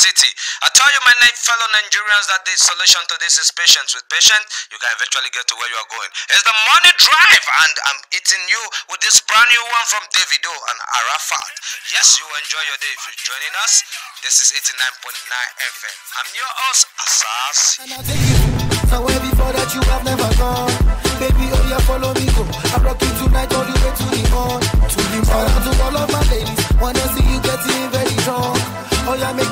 City. I tell you, my fellow Nigerians, that the solution to this is patience. With patience, you can eventually get to where you are going. It's the money drive, and I'm eating you with this brand new one from Davido and Arafat. Yes, you enjoy your day if you're joining us. This is 89.9 FM. I'm your host, Asas. And I take you somewhere before that you have never gone. Baby, oh yeah, follow me go. I'm you tonight all the way to the morn. To the morn, to all of my ladies. Wanna see you getting very drunk. Oh yeah, make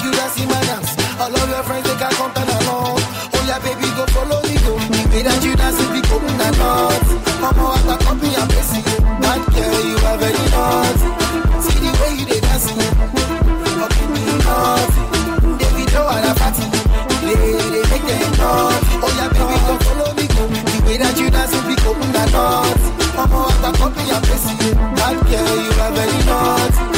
all of your friends, they can come turn along. Oh yeah, baby, go follow me, go. Me that you dance, it be coming not not. Mama, what a company, I'm missing you. Bad girl, you are very naughty. See the way you they dancing, you're fucking me naughty. They be know what I'm party. They, they make them naughty. Oh yeah, baby, go follow me, go. The way that you dance, it be coming not not. Mama, what a company, I'm missing you. Bad girl, you are very naughty.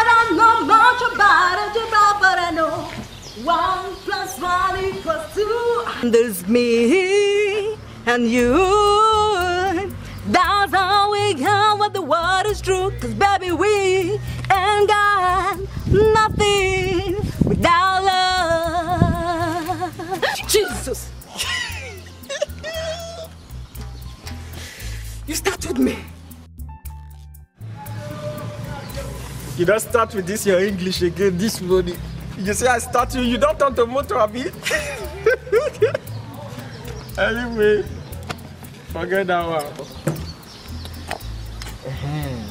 I don't know much about a but I know one plus one equals two. And there's me and you. That's how we got what the world is true. Cause baby, we ain't got nothing without love. Jesus! you start with me. You don't start with this, your English again this morning. You say, I start you, you don't turn to motor, Abi. anyway, forget that one. Uh-huh.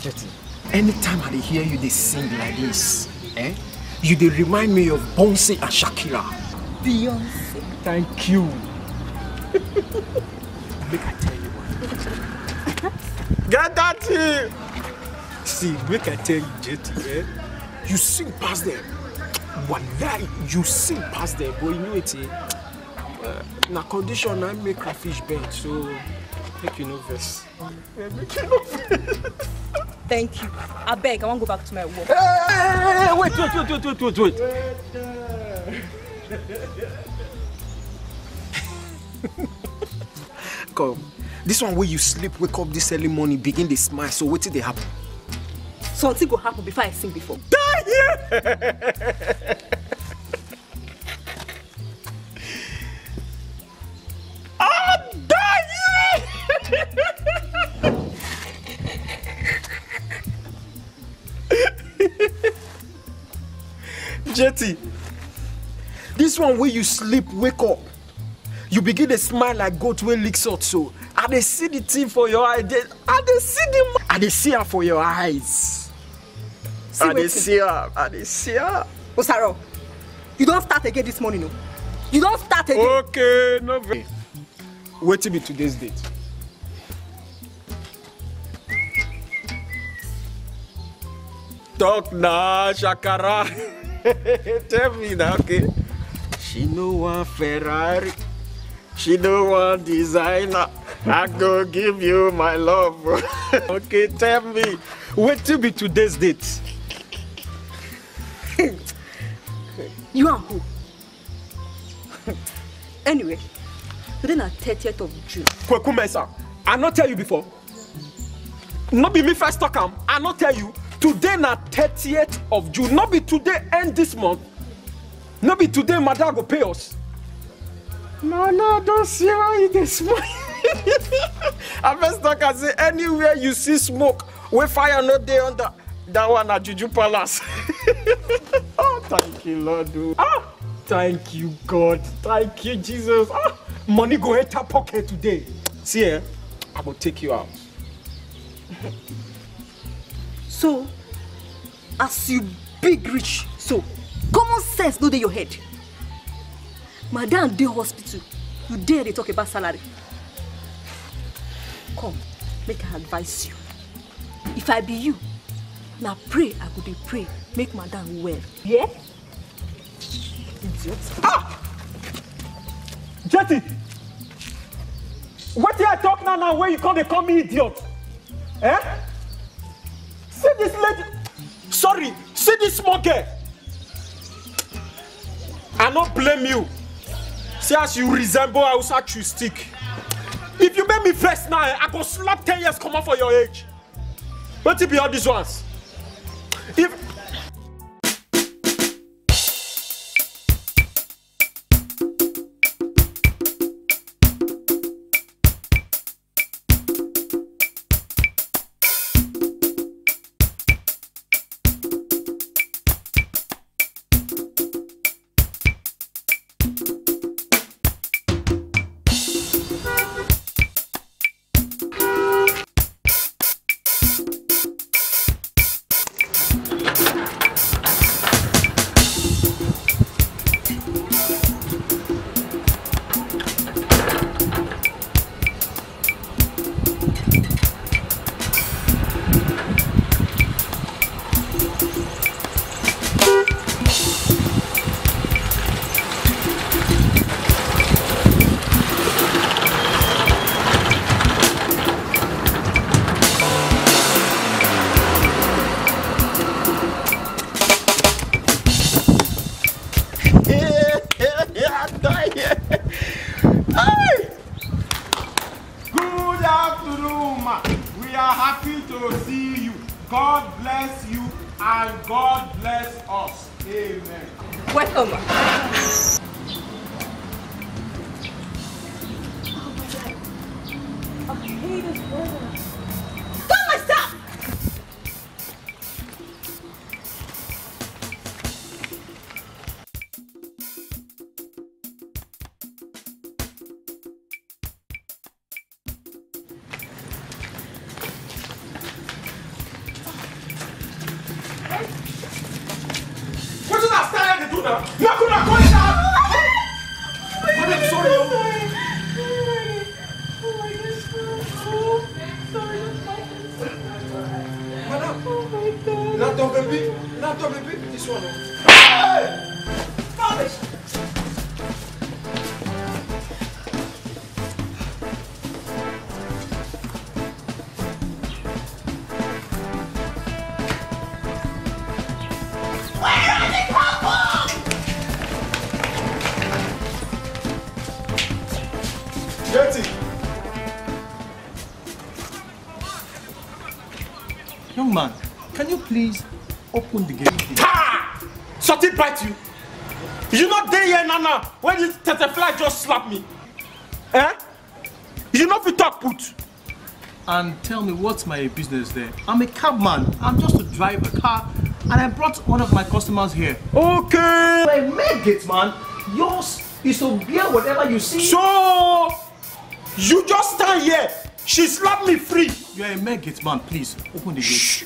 Chetty, anytime I hear you, they sing like this. Eh? You they remind me of Bonse and Shakira. Beyonce. Thank you. Make I tell you one. Get that tea! See, make I tell you, JT, eh? You sing past them. Wallahi, you sing past them, but you know it, eh, eh? na condition I make a fish bend, so make you know this. Yeah, make you Thank you. I beg, I want to go back to my work. Hey, eh, hey, hey, wait, wait, wait, wait, wait, wait, wait. Come. This one where you sleep, wake up this early morning, begin to smile, so what did they happen? Something will happen before I sing before. die here. I'm dying! Jetty, this one where you sleep, wake up. You begin to smile like goat when lick salt so. And they see the thing for your eyes. And they see the. And they see am for your eyes. See I did see her. I did see her. Osaro, you don't start again this morning, no. You don't start again. Okay, no very. Waiting be today's date. Talk now, Shakara. Tell me now, okay? She no want Ferrari. She no want designer. I go give you my love. okay, tell me. Wait till be today's date you and who? anyway, today na 30th of June. Kweku Mensah, I not tell you before. Not be me first talk am, I not tell you. Today na 30th of June. Not be today end this month. Not be today mother go pay us. No, no, don't see how it is smoke. I first talk and say anywhere you see smoke, where fire not there under. That one at Juju Palace. oh, thank you, Lord. Ah, thank you, God. Thank you, Jesus. Ah, money go enter pocket today. See, eh? I will take you out. so, as you big rich, so common sense no dey your head. Madam dear hospital, you dare they talk about salary. Come, make I advise you. If I be you, Now pray i could pray make madam well yeah? idiot ah jetty what wetin i talk now now Where you come They call me idiot eh see this lady sorry see this small girl i no blame you see as you resemble hausa chew stick if you make me first now eh, i go slap ten years come comot for your age What you be all these ones If please open the gate. Ha! Shut it, bite you. You not there here, Nana, when you a fly just slapped me. Eh? You know if you talk put. And tell me what's my business there? I'm a cabman. I'm just to drive a car and I brought one of my customers here. Okay. I make it, man. Yours is to bear whatever you see. So, you just stand here. She slapped me free. You're a maggot, man. Please, open the gate. Shh.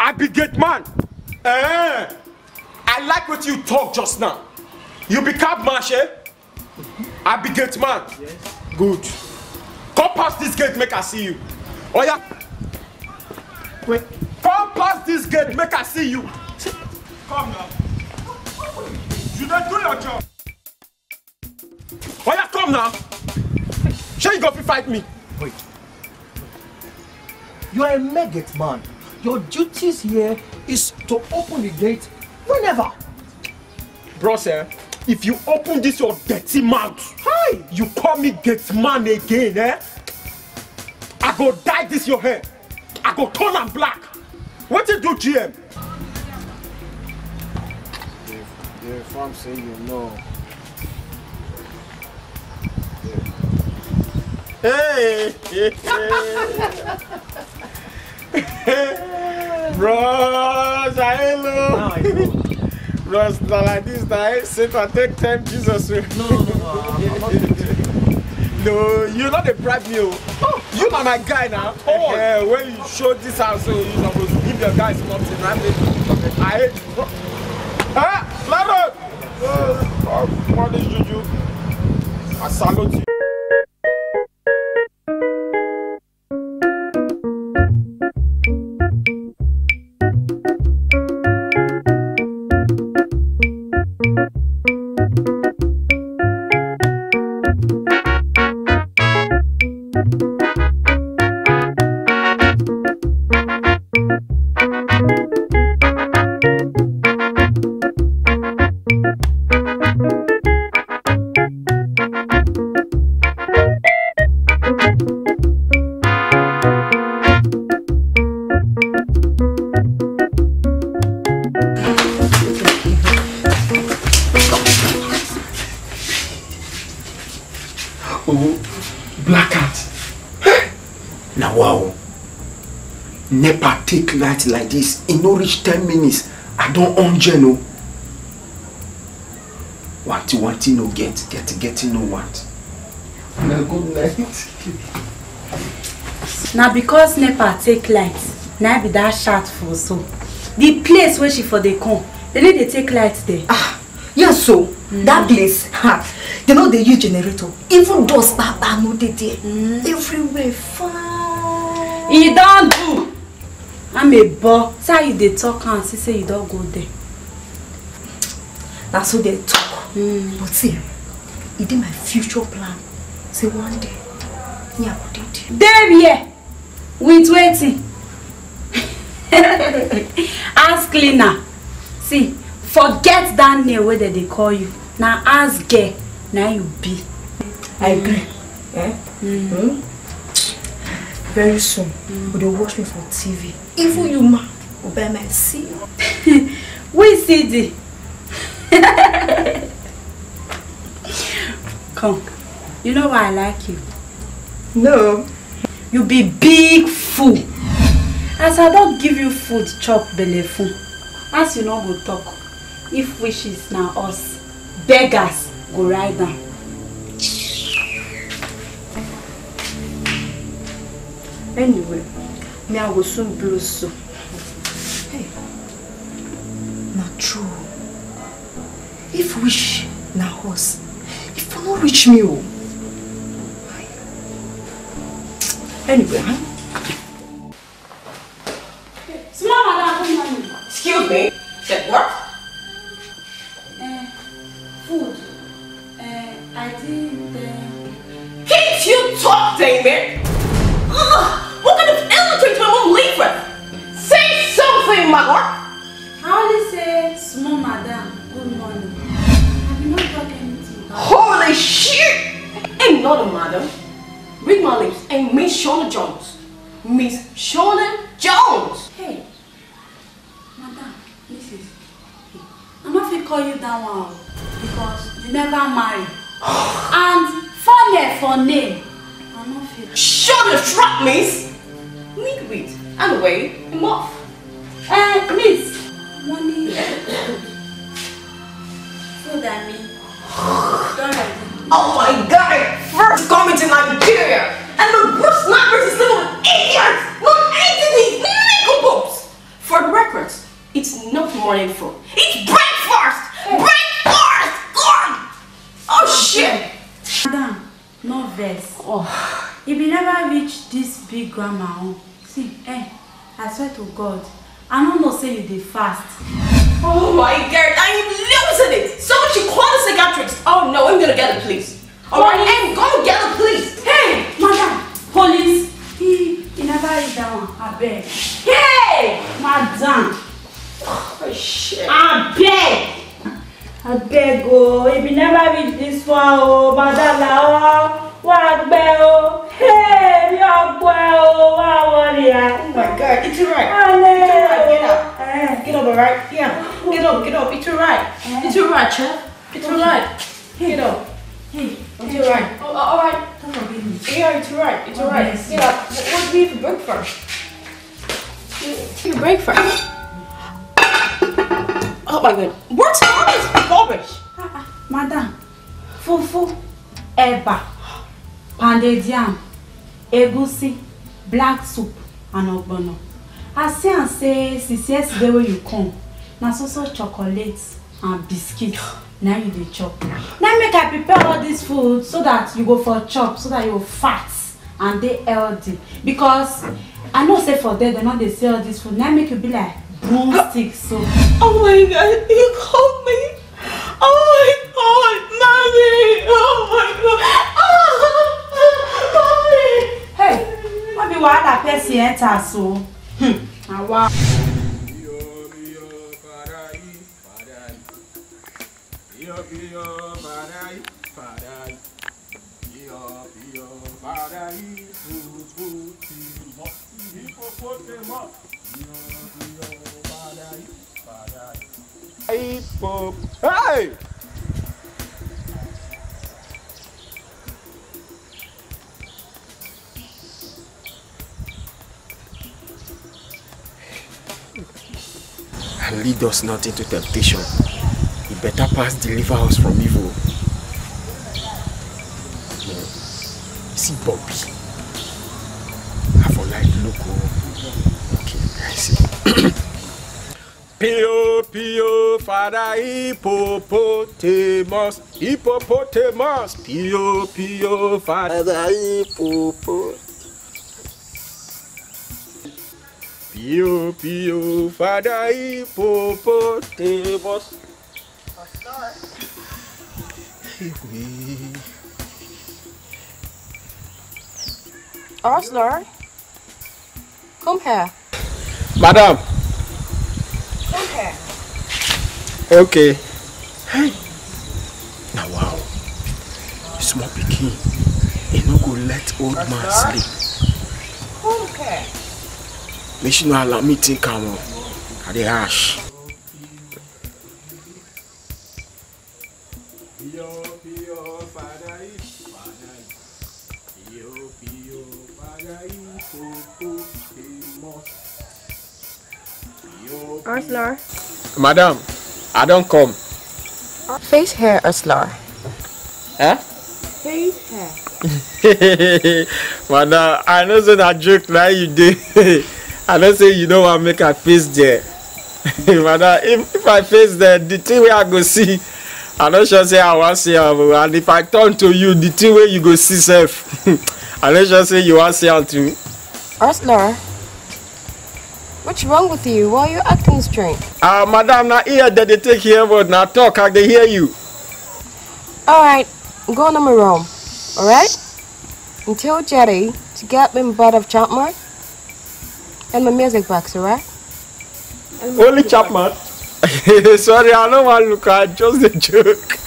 Abigail man. Eh, I like what you talk just now. You be cab marsh, eh? Abigail man. Yes. Good. Come past this gate, make I see you. Oh yeah. Wait. Come past this gate, make I see you. Come now. You don't do your job. Oh yeah, come now. Shall you go fi fight me. Wait. You are a maggot man. Your duties here is to open the gate whenever. Brother, if you open this your dirty mouth, Hi. you call me gate man again, eh? I go dye this your hair. I go turn am black. What you do, GM? The, farm say you know. Hey! hey, hey. Bro, Shaelu. Bro, it's not like this now. Satan, take time, Jesus. No, no, no. no, you're not a bribe me. Oh. you are my guy now. Oh, yeah, eh, when you show this house, oh, you you're supposed to give your guys something, right? I hate you. Ah, Laro! Oh, God, juju. I salute you. light like this, e no reach ten minutes i don on gen o wanti wanti no get get getting no want na good night na because nepa take light na be dat shout for so di place wey she for dey come dem no dey take light there ah yes so mm. dat place ha dem no dey use generator even dust kpakpa no dey there mm. everywhere fine e don do i'm a boy see how you dey talk am see say you don't go there That's so they talk mm. but see it e is my future plan say one day me i go dey there. there here with wetin house cleaner see forget that name where they call you Now ask gay. Now you be. i gree. Hmm. Eh? Mm. Mm very soon mm. you dey watch me for tv even you ma go buy my see you. wey cd come you know why i like you. no. you be big fool as i don't give you food chop belle full as you no go talk if wishes now us beggars go ride am. Anyway, me I will soon blow so. Hey, not true. If wish na horse, if for no reach me oh. Anyway, huh? Excuse me. Said what? Uh, eh, food. Uh, I did. Uh... Can't you talk, David? Ugh! What kind of elephant will mom live with? Say something, mother! I only say, small madam, good morning. Have you not talked anything? Holy shit! Ain't not a madam. Read my lips and Miss Shona Jones. Miss Shona Jones! Hey, madam, this is. I'm not going to call you that one oh, because you never married. and funny for name. I'm not feeling. Shut the trap, miss! Nigwit, away, Muff. Eh, uh, Miss. Mommy. Food and me. Oh my god! First coming to Nigeria! And the worst snappers is little idiots! Not entities! Nickelbobs! For the record, it's not morning food. It's breakfast! Breakfast! God! Oh shit! Madam, no vest. Oh. If you never reach this big grandma home, see eh i swear to god i no know say you did fast. oh my god i am losing it someone should call the psychiatrist oh no i'm gonna get it please alright and go get it please. hey madam police he he never is that one I beg. hey madam. Oh, shit. I beg. I beg, oh, he bin never read this one oh, madam na oh. Wagbe o. Hey, Wagbe o. Wawalia. Oh my God, get you right. Get eh. get up. Get up, alright? Yeah. Get up, get up. Get you right. Eh. Get chef. Get you Get up. Hey, it's alright. Oh, alright. Yeah, it's alright. It's alright. Get up. What, what do you eat for breakfast? Your breakfast? Oh my god. What? What is Madam, fufu, eba. pounded yam, egusi, black soup, and ogbono. As say and say, since yesterday when you come, na so so chocolate and biscuit na you dey chop. Na make I prepare all this food so that you go for chop, so that you go fat and dey healthy. Because I know say for there dem no dey sell this food, na make you be like broomstick so. Oh my God, you called me. Oh my God, mommy. Oh. wàhálà pẹ̀sì ẹ̀ so. Hmm. Hey! and lead us not into temptation. You better pass deliver us from evil. Yeah. Hmm. See Bobby. Have a light look. Oh. Okay, I see. Pio Pio Fada Hippopotamus Hippopotamus Pio Pio Fada Hippopotamus Pio, pio, fada hippopotamus. Osler, come here. Madam. Come here. Okay. Hey. Now wow. Small pikin. You no go let old man sleep. Come here. make she no allow me think am o i dey harsh. Aslar. Madam, I don't come. Face hair, Aslar. Huh? Face hair. Madam, I know that joke now you did. i don't say you know wan make a face there if if i face there the thing we i go see i no sure say i want see and if i turn to you the thing where you go see self, i no sure say you want see am too. Osler, what's wrong with you? Why are you acting strange? Ah, uh, madam, na ear that they take here, but Now talk, I can hear you. All right, go on to my room, all right? until Jetty Jerry to get me butt of chop mark. And my music box, right? Only Chapman. Sorry, I don't want to look at just a joke.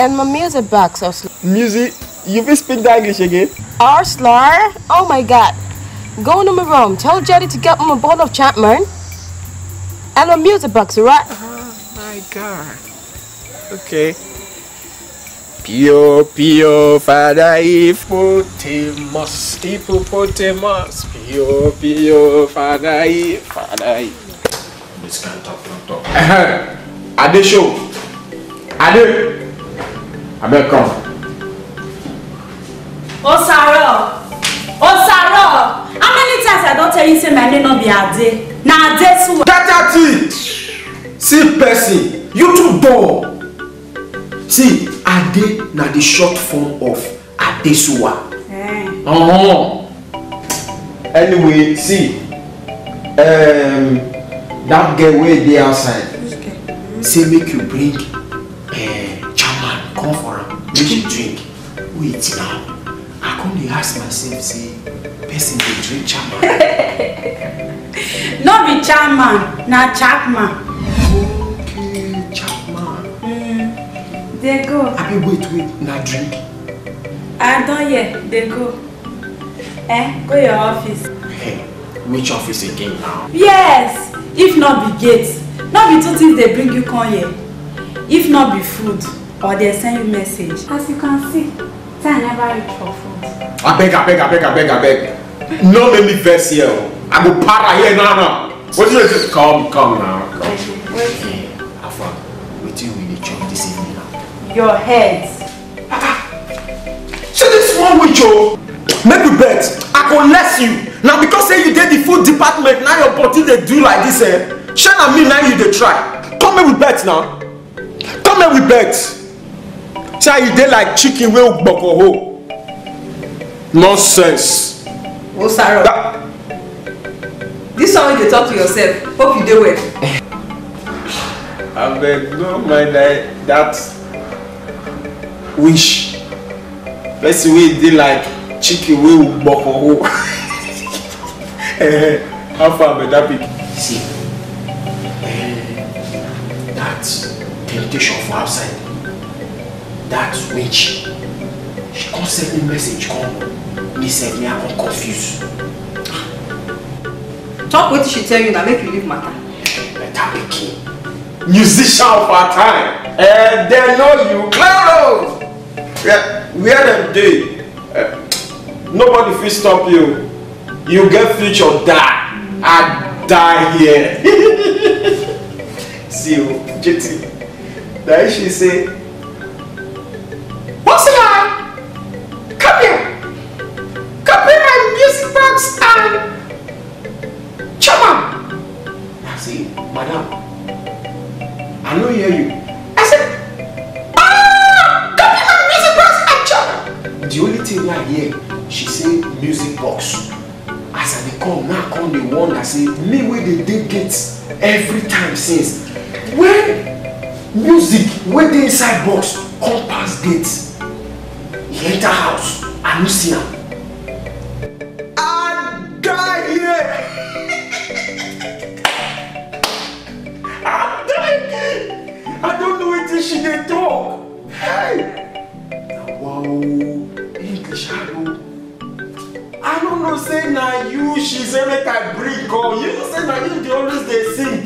and my music box also. Music? You be speak the English again? Arslar? Oh my god. Go in my room. Tell Jerry to get me a bottle of Chapman. And my music box, right? Oh my god. Okay. Pio, Pio, Father Hippopotamus, Hippopotamus, Pio, Pio, Father Father This can't talk, don't talk. Uh-huh. Ade show. Ade. I beg come. Oh, Sarah. Oh, Sarah. How many times I don't tell you say my name not be Ade? Now Ade too. Tata T. See, Percy, you too dull see ade na the short form of adesuwa mm. Eh. uh -huh. anyway see um, that girl wey dey outside okay. Mm-hmm. say make you bring uh, chairman come for am make you drink wait now i come dey ask myself say person dey drink chairman no be chairman na chapman. They go. Abi, wait, wait. not drink. I don't yet. They go. Eh, go your office. Hey, which office again now? Yes! If not be gates, Not be two things they bring you come here. If not be food, or they send you message. As you can see, time never reach for food. I beg, I beg, I beg, I beg, I beg. No make me vex here. Oh. I go para here now, now. What you say? Come, come now. Come. Wait. Afa, wait till we dey chop this evening your head. see this one with you make you bet i go less you Now because say you did the food department Now your body they do like this, eh shey na me Now you they try come here, we bet now come here, we bet say you did like chicken wey gboko ho nonsense. o saro This one you talk to yourself hope you dey well. beg, no mind that wish person wey dey like chicken wey gbọkọ o eh, how far that, pikin. see uh, that temptation for outside that witch she come send me message come me sef me i come confuse. talk wetin she tell you na make you leave matter. better pikin musician of our time uh, eh, dem know you claro. Yeah, where dem dey uh, nobody will stop you you get future die i die here see you, jt na she say gates every time since when music wey dey inside box come pass gate e enter house i no see am. i die here i don't know wetin she dey talk hey na wow english i no know say na you she say make i bring come you know say na you dey always dey sing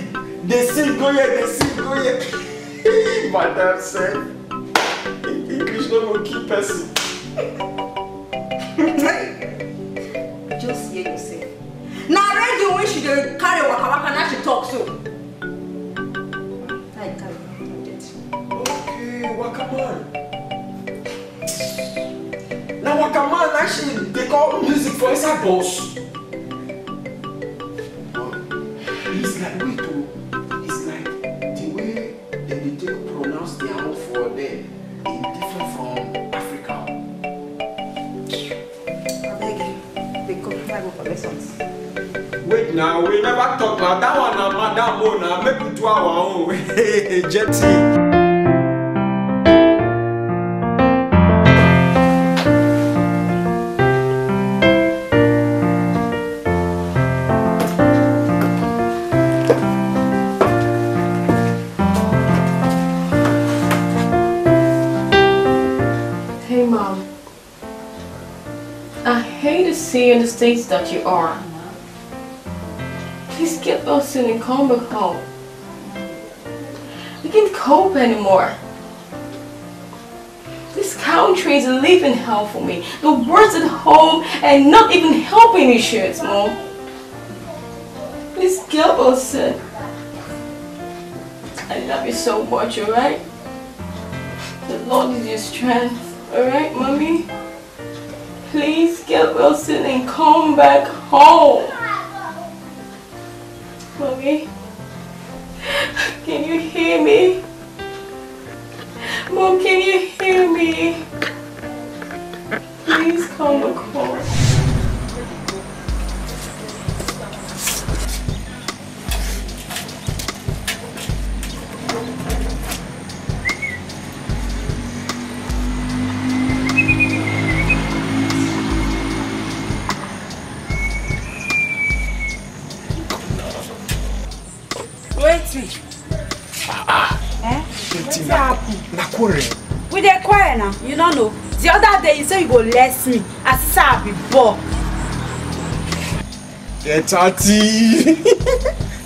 dey sing go here dey sing go here My madam sef english no go kill person. boss. It's like, wait, oh, it's like the way they take pronounce their own for there is different from Africa. I beg you, they come Bible for lessons. Wait now, we never talk now. That one, now, madam, now, make it to our own. Jetty. that you are. Please get up soon and come back home. I can't cope anymore. This country is a living hell for me. The worst at home and not even helping issues, Mom. Please get up I love you so much, alright? The Lord is your strength. Sit and come back home. lẹ́sìn I sáà before. ẹ̀ta tí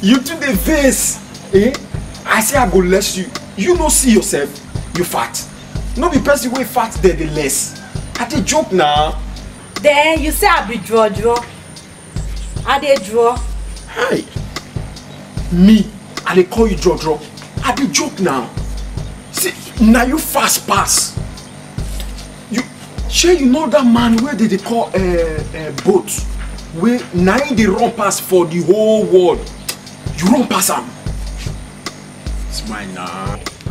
you do the face. eh? i say i go less you you no see yourself you fat no be person way fat dem the less i dey joke now. then you say i be draw draw i dey draw. hi me i dey call you draw draw i be joke now. see now you fast pass shey you know that man wey dey dey call eh, eh, boat wey na him dey run pass for the whole world you run pass am smile na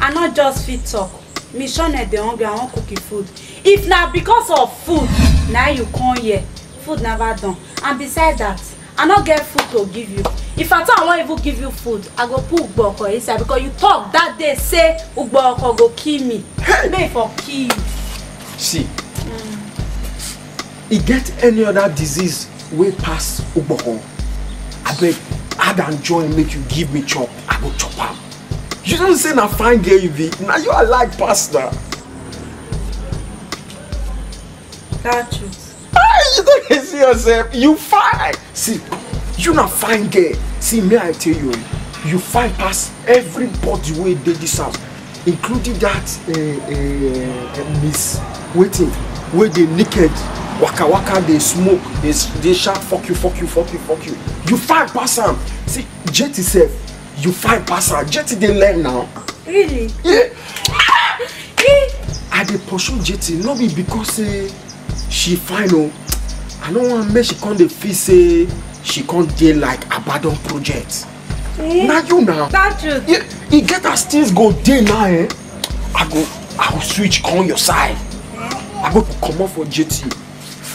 i no just fit tok me shone dey hungry i wan cook e food if na because of food na you come here food never done and besides that, i no get food to give you if at all i wan even give you food i go put ugbo oko inside because you talk that day say ugbo oko go kill me make e for kill you see e get any other disease wey pass ogboho abeg add am join make you give me chop i go chop am you know say na fine girl you be na you i like pass na. you don dey see yourself you fine see you na fine girl see me i tell you you fine pass everybody wey dey dis house including that uh, uh, miss wetin wey dey naked waka waka dey smoke dey dey shout fok you fok you fok you fok you you far pass am see jt sef you far pass am jt dey learn now. really. Yeah. i dey pursue jt no be because say she fine o i no wan make she come dey feel say she come dey like abadan project. Eh? na you na. that truth. Yeah, e get as things go dey now eh i go i go switch come your side eh? i go comot for jt.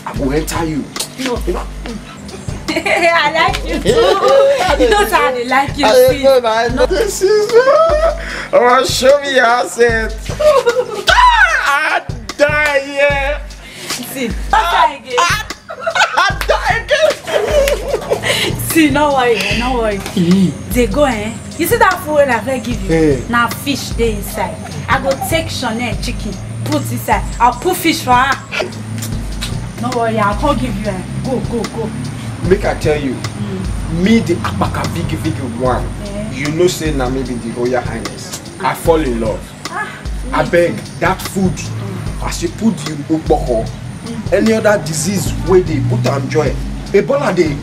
I will enter you. No, know, I like you too. you know how they like you. I see. know that. No. This is. Oh, show me your asset. Ah, I die here. See, ah, I die again. I die again. see, no worry, no worry. They go, eh? You see that food I gonna give you? Hey. Now fish dey inside. I go take Chanel chicken, put inside. I'll put fish for her. No worry, I'll call give you a go, go, go. Make I tell you, mm. me the Apaka Vigi Vigi one, yeah. you know say na me be the Royal Highness. Ah. I fall in love. Ah, I beg that food, mm. as you put you Uboko, mm. any other disease where they put am join, Ebola dey,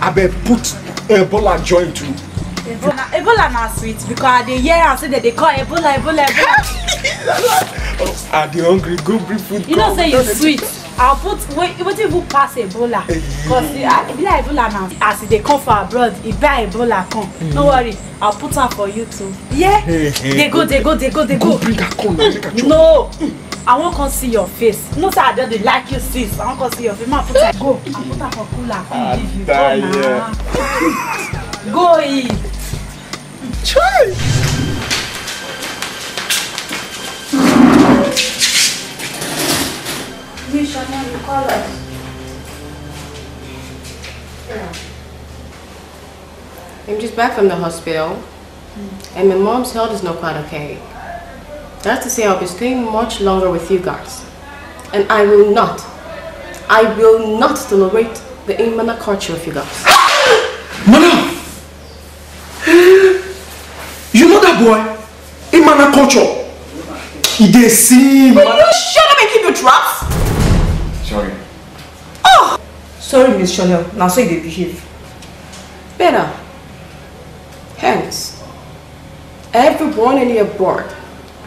I beg put Ebola join too. Ebola Ebola na sweet because I hear am say that they call Ebola Ebola Ebola. I dey hungry go bring food You don't say you sweet. I'll put if you pass Ebola because ah, e be like Ebola na as they e come for abroad e buy Ebola come. Mm. No worry I'll put am for you too. Yeah. Hey, hey, dey go they go they go they go. Go bring her come na No. I won't come see your face. No say I don like you since. I won't come see your face. Ma put her go. I'll put her for cooler. I fit you. Go na. Go eat. Try. you Yeah. I'm just back from the hospital. And my mom's health is not quite okay. That's to say I'll be staying much longer with you guys. And I will not, I will not tolerate the inhumana culture of you guys. Mama! boy im na culture He dey sing will you shut up and keep your traps sorry oh sorry miss Chanel. Now, so you dey behave better hence everyone in your board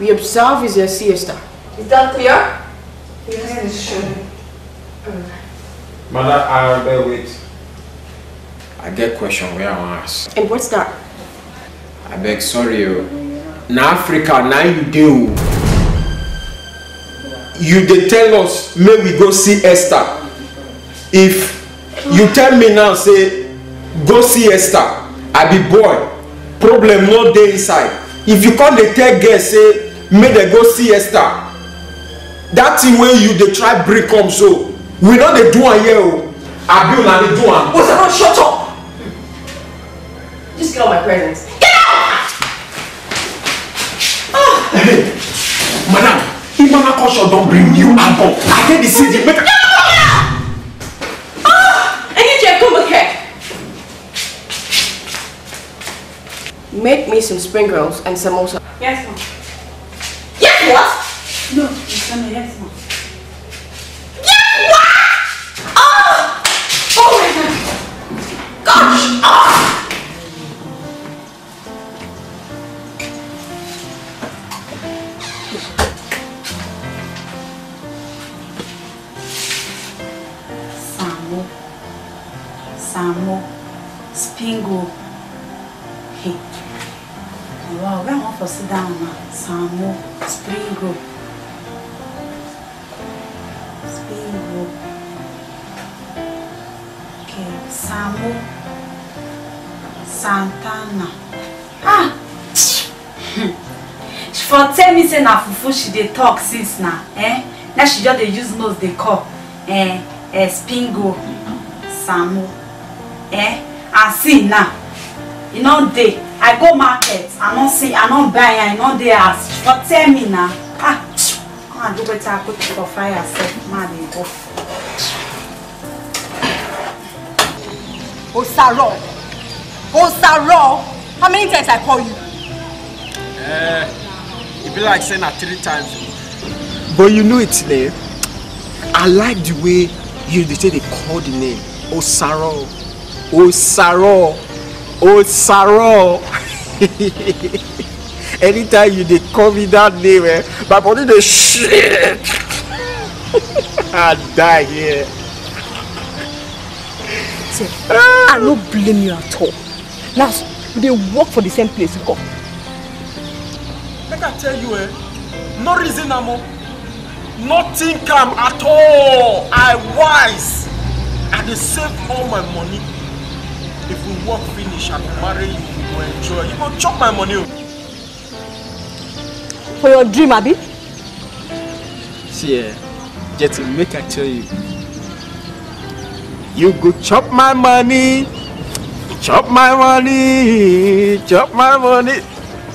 we observe is a siesta is that clear yes it's sure Mother, I with. I get question where I want ask. And what's that? I beg sorry oh. na africa na you do. Oh. you dey tell us may we go see esther if you tell me now say go see esther i be boy problem no dey inside if you come dey tell girl say may dem go see esther that thing wey you dey try break come. so we no dey do am here o oh. abi una dey do am. o shut up. just get out my presence. culture don't bring new album. I get the CD. Make ah! Make me some spring rolls and samosa. Yes, ma'am. say na fufu she dey talk since na eh now she just dey use nose dey call eh eh spingo samu eh and see now e no dey i go market i no see i no buy i no dey ask she for tell me na ah come and do better i go put for fire sef ma dey go. osaro osaro how many times i call you. Uh e be like saying na three times but you know it there eh? i like the way you dey say dey call the name osaro osaro osaro anytime you dey call me that name eh my body dey shit, i die here. Yeah. I no blame you at all. Now we dey work for the same place, God make i tell you eh no reason am o no think am at all i wise i dey save all my money if we work finish i go marry you you go enjoy you go chop my money o. for your dream abi. see eh jeti make i tell you you go chop my money chop my money chop my money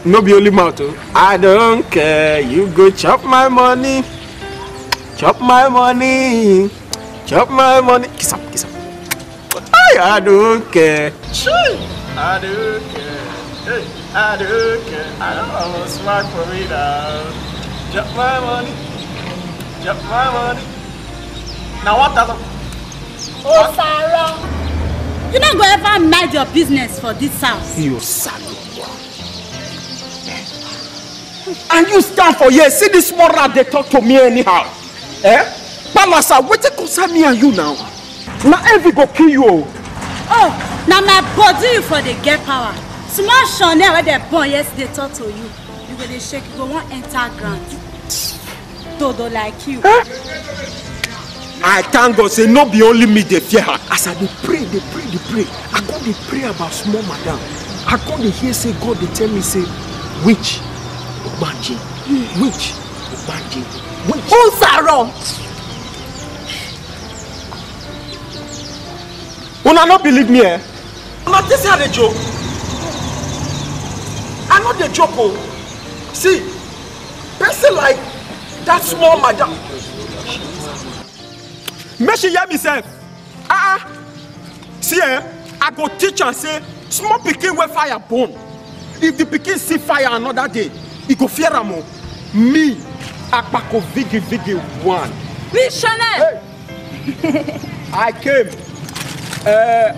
no be only mouth o. Oh. i don't care you go chop my money chop my money chop my money kiss am kiss am i don't care i don't care hey i don't care i don almost smack for me now chop my money chop my money Now what, thousand. Oh, Sarah. you no go ever mind your business for this house. you saro and you stand for here see this small rat dey talk to me anyhow eh palasa wetin concern me and you now na envy go kill you o. Oh. oh na my body you for dey get power small shonel wey dey born yesterday talk to you you go dey shake you go wan enter ground dodo like you. Eh? i thank god say no be only me dey fear her as i dey pray dey pray dey pray i go dey pray about small madam i go dey hear say god dey tell me say witch gbàǹjẹ wíìjì kò gbàǹjẹ wíìjì. ó ń sàárọ̀. una no believe me eh. una think say i dey joke i no dey joke o see person like that small madam make she hear me sef ah ah see eh i go teach am say small pikin wey fire burn if the pikin see fire another day i go me akpako vigi vigi one. missionary. Hey. i came uh,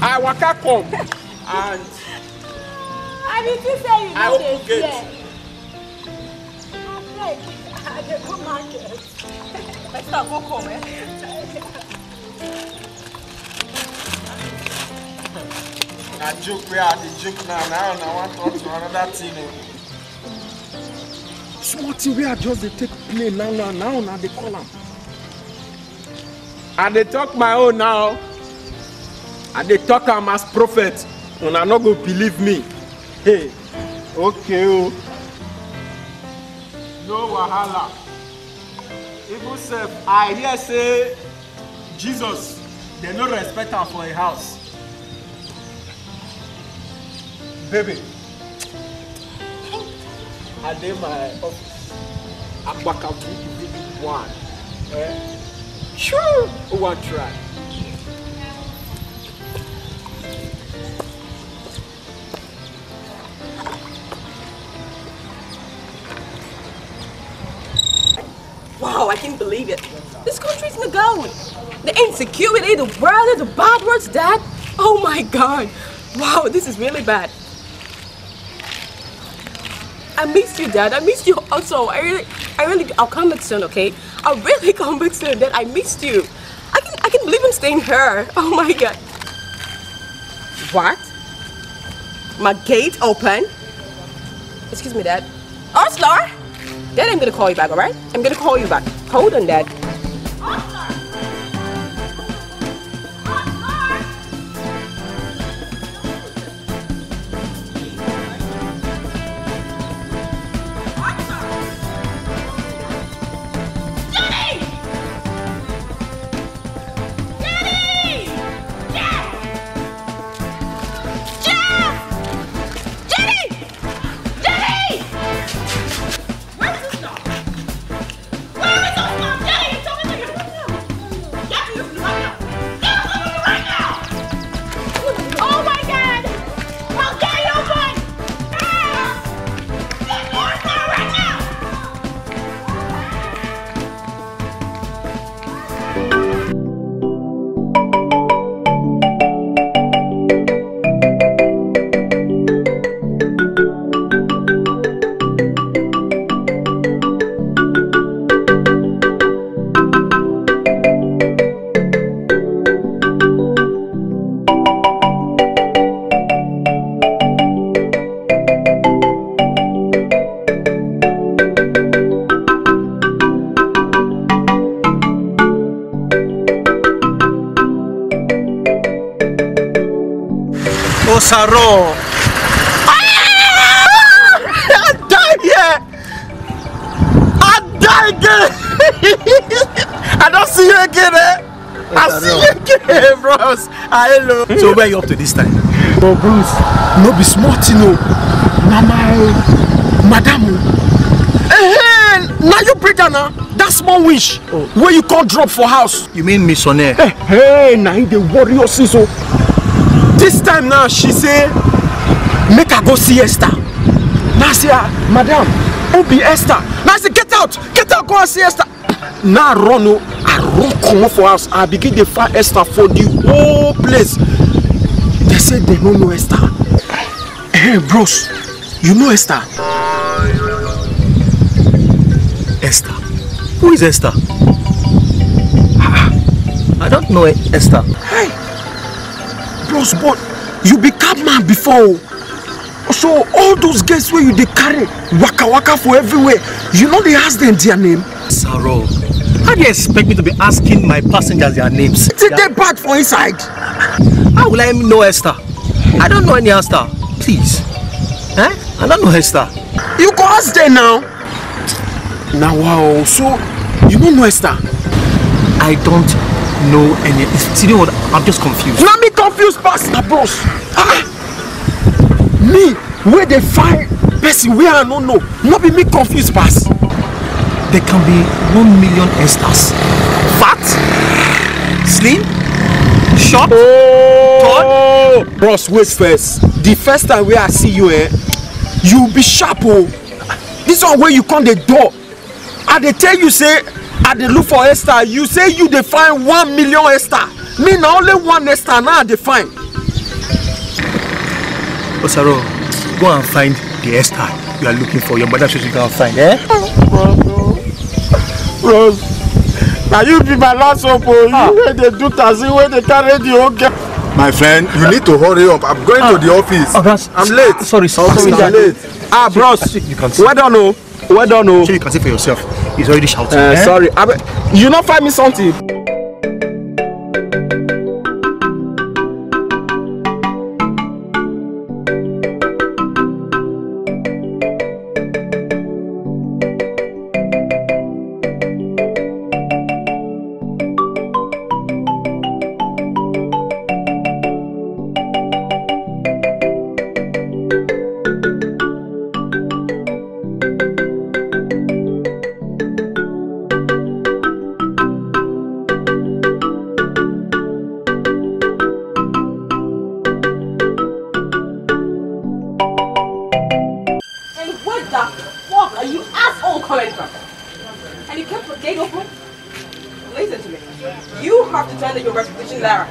i waka come and. i be too say you no dey fear. abeg i dey go market. my sister go come eh. na joke wey i dey joke now na i wan talk to another thing oh small thing wey i just dey take play now now now na dey call am. i dey talk my own now i dey talk am as prophet una no go believe me hey okay o. Oh. no wahala even sef i hear say jesus dey no respect am for im house. baby I named my office to Division 1. Eh? Sure! One try. Wow, I can't believe it. This country's not going. The insecurity, the world, the bad words, that. Oh my god. Wow, this is really bad. I missed you, Dad. I missed you also. I really, I really, I'll come back soon, okay? I'll really come back soon, Dad. I missed you. I can, I can believe I'm staying here. Oh my God. What? My gate open? Excuse me, Dad. Oslar? Oh, Dad, I'm gonna call you back, alright? I'm gonna call you back. Hold on, Dad. Oslar! hello. so where you up to this time. Oh Bruce, no be smart, you know. na my madam o. Oh. Hey, now you bring now. na that small wish oh. wey you call drop for house. you mean missionaire. Hey, eh, hey, now him dey worry us since oh. this time now she say make i go see esther na say ah, madam who be esther na say get out get out go and see esther Now run oh run comot for house i begin dey find esther for the whole place dey say dey no know esther eh hey, bros you know esther esther who is esther i don't know esther hey bros but you be cab man before o so all those girls wey you dey carry waka waka for everywhere you no know dey ask dem their name. Sarah. How do you expect me to be asking my passengers their names? It's yeah. they bad for inside. How will I know Esther? I don't know any Esther. Please. Eh? I don't know Esther. You go ask them now. Now wow, so you don't know Esther? I don't know any. See, you know what? I'm just confused. Let me confused, Pastor boss. Ah, ah, me, where they find person where I don't know. Not be me confused, Pastor there can be one million Esters. Fat, slim, short, oh, tall. Bros, wait first. The first time where I see you, eh, you be sharp, oh. This one where you come the door. I they tell you, say, I they look for Esther. You say you define one million Esther. Me, now only one Esther now I define. Osaro, go and find the Esther you are looking for. Your mother should you can find, eh? Oh, bro. Rose, now you be my last hope. Oh. You ah. wey dey do taxi, wey they carry the whole girl. My friend, you need to hurry up. I'm going ah. to the office. Oh, I'm late. Sorry, sorry. I'm sorry. late. Ah, bros. You can see. Well don't know? Oh. Well don't know? Oh. you can see for yourself. He's already shouting. Uh, eh? Sorry. I you not find me something. fuck are you asshole coming from? And you kept the gate open. Listen to me. You have to tender your resignation, Lara.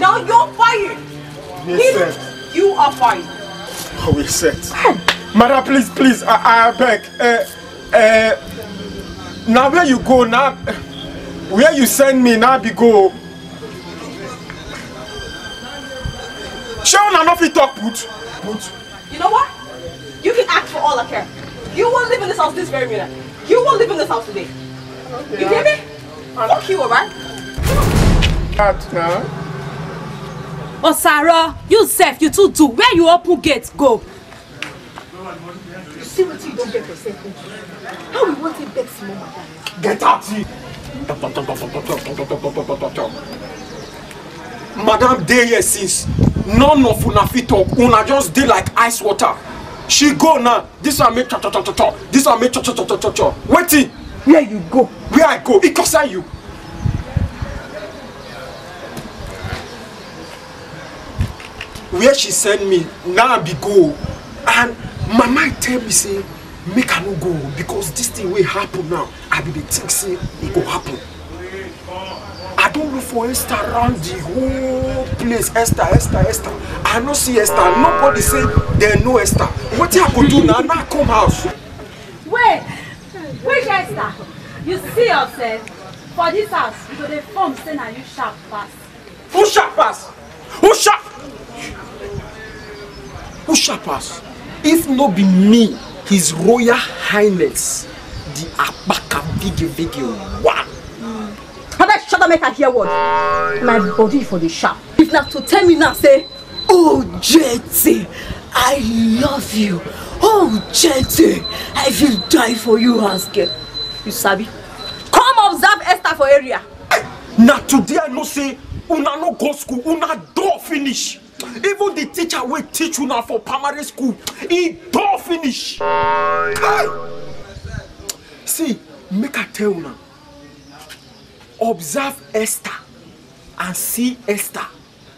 Now you're fired. Yes, sir. You are fired. Oh, we set. Mara, please, please, I, I beg. Uh, uh, now where you go, now where you send me, now be go. Sharon, I'm not fit talk, put. Put. You know what? You can act for all I care. You won't live in this house this very minute. You won't live in this house today. Okay, you hear me? I'm... Fuck you, alright? That now. Oh, Sarah, you self, you too do. Where you open gates? go. You see what you don't get yourself into. How we want a bet small madam. Get out here. Madam dey none of una fit talk una just dey like ice water she go now this one make cho cho cho cho cho this one make cho cho cho cho cho cho wetin. where you go. where i go e concern you. where she send me now I be go and mama tell me say make i no go because this thing wey happen now i be dey think say e go happen don look for Esther around the whole place. Esther, Esther, Esther. I no see Esther. Nobody say they know Esther. What you go do now? Now come house. Wait, which Esther? You see yourself for this house. You go dey form say na you sharp pass. Who sharp pass? Who sharp? Who sharp pass? If no be me, His Royal Highness, the abaka Vigi Vigi one shut up make i hear word my body for the sharp if not to tell me now say oh jt i love you oh jt i will die for you as you sabi come observe esther for area. na today i know say una no go school una don't finish even the teacher wey teach una for primary school He don't finish. Hey! see make i tell now observe esther and see esther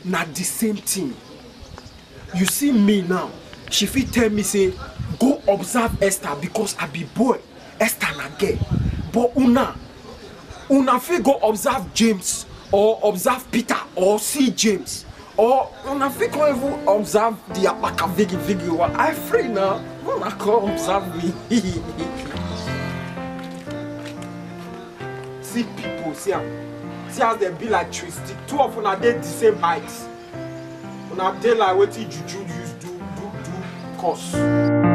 na the same thing you see me now she fit tell me say go observe esther because i be boy esther na girl but una una fit go observe james or observe peter or see james or una fit come even observe the abaka vigi vigi i free na una come observe me. See people see am see as dem be like tree stick two of una dey the same height una dey like wetin juju use do do do cause.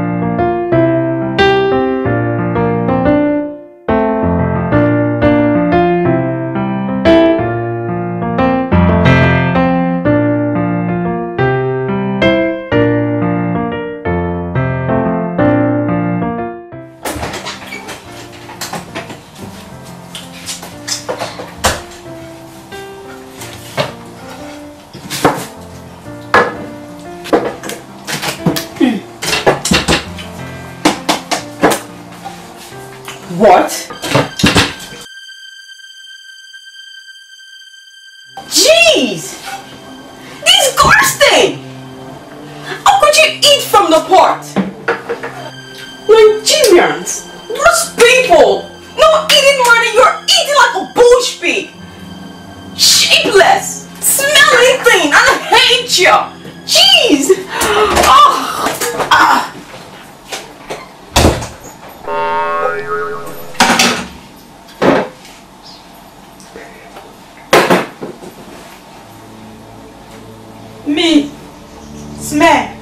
What? Jeez! Disgusting! How could you eat from the pot? Nigerians! Those people! No eating money, you're eating like a bush pig! Shapeless! Smelly thing! I hate you! Jeez! Oh! me smell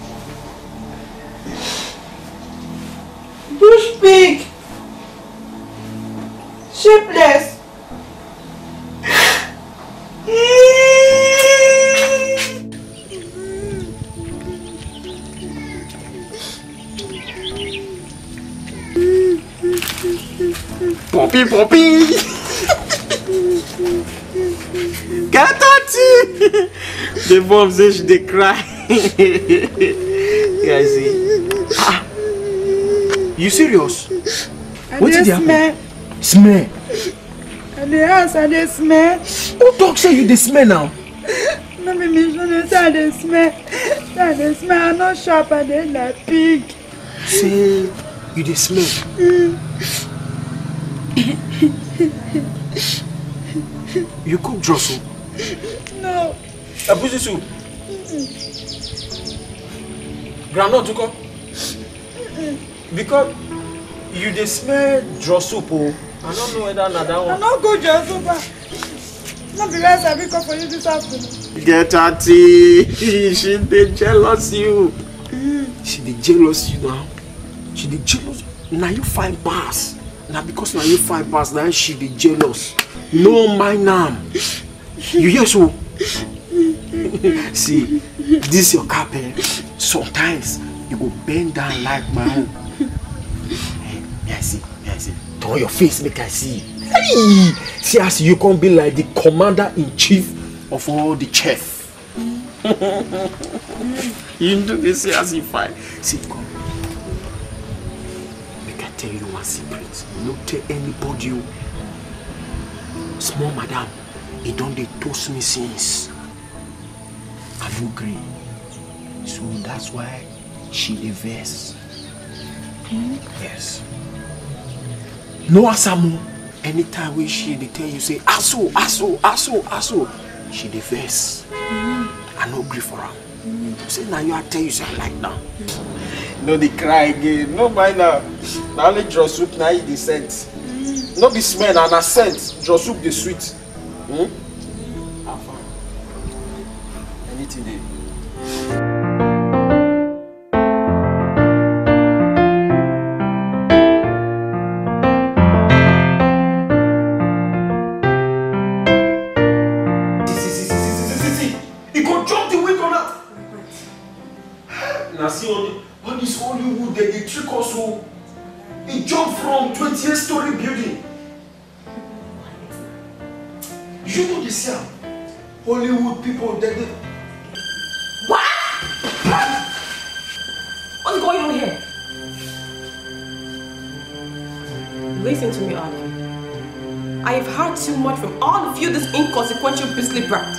perform say she you serious What is happen smell And They ask Je dey smell who talk say you the smell now no mais me you say i smell say smell no sharp i like pig See, you the smell you cook dress. Oh? no ẹ̀bùsùsù groundnut kọ́ because you dey smell draw soup o oh. i no know whether na that one. i no go draw soup ah no be rice i be cook for you this afternoon. get aunty she dey jealous you she dey jealous you now she dey jealous na you fine pass na because na you fine pass na she dey jealous no mind am you hear so. See, this your cap eh? Sometimes you go bend down like my own. Hey, may I see? May I see? Turn your face, make I see. Hey, see as you can be like the commander in chief of all the chef. you do this see as you fight. See, come. Make I tell you one secret. Don't tell anybody. Oh. Small madam, he don't dey toast me since. I no gree. So that's why she dey vex. Yes. No asamo. anytime wey she they tell you say aso aso aso aso, she dey vex. Mm. I no gree for her. Mm. Say now you I tell you say like now. No they cry again. No mind now. Now let draw soup Now you descent. No be smell na na scent. Draw soup the sweet. Hmm. cette only hein? on this Hollywood they trick us from story building you Hollywood people they, What's going on here? Listen to me, Ali. I have heard too much from all of you, this inconsequential beastly brat.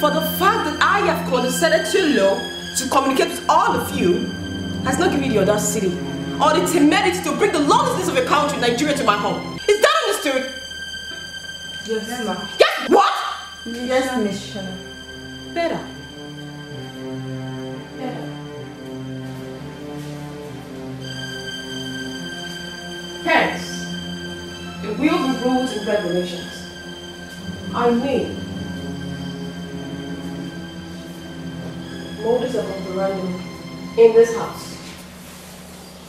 For the fact that I have condescended too low to communicate with all of you has not given you the audacity or the temerity to bring the lawlessness of your country, Nigeria, to my home. Is that understood? Yes, Emma. Yes, what? Yes, Miss Better. rules and regulations. I mean, modus of operandi in this house.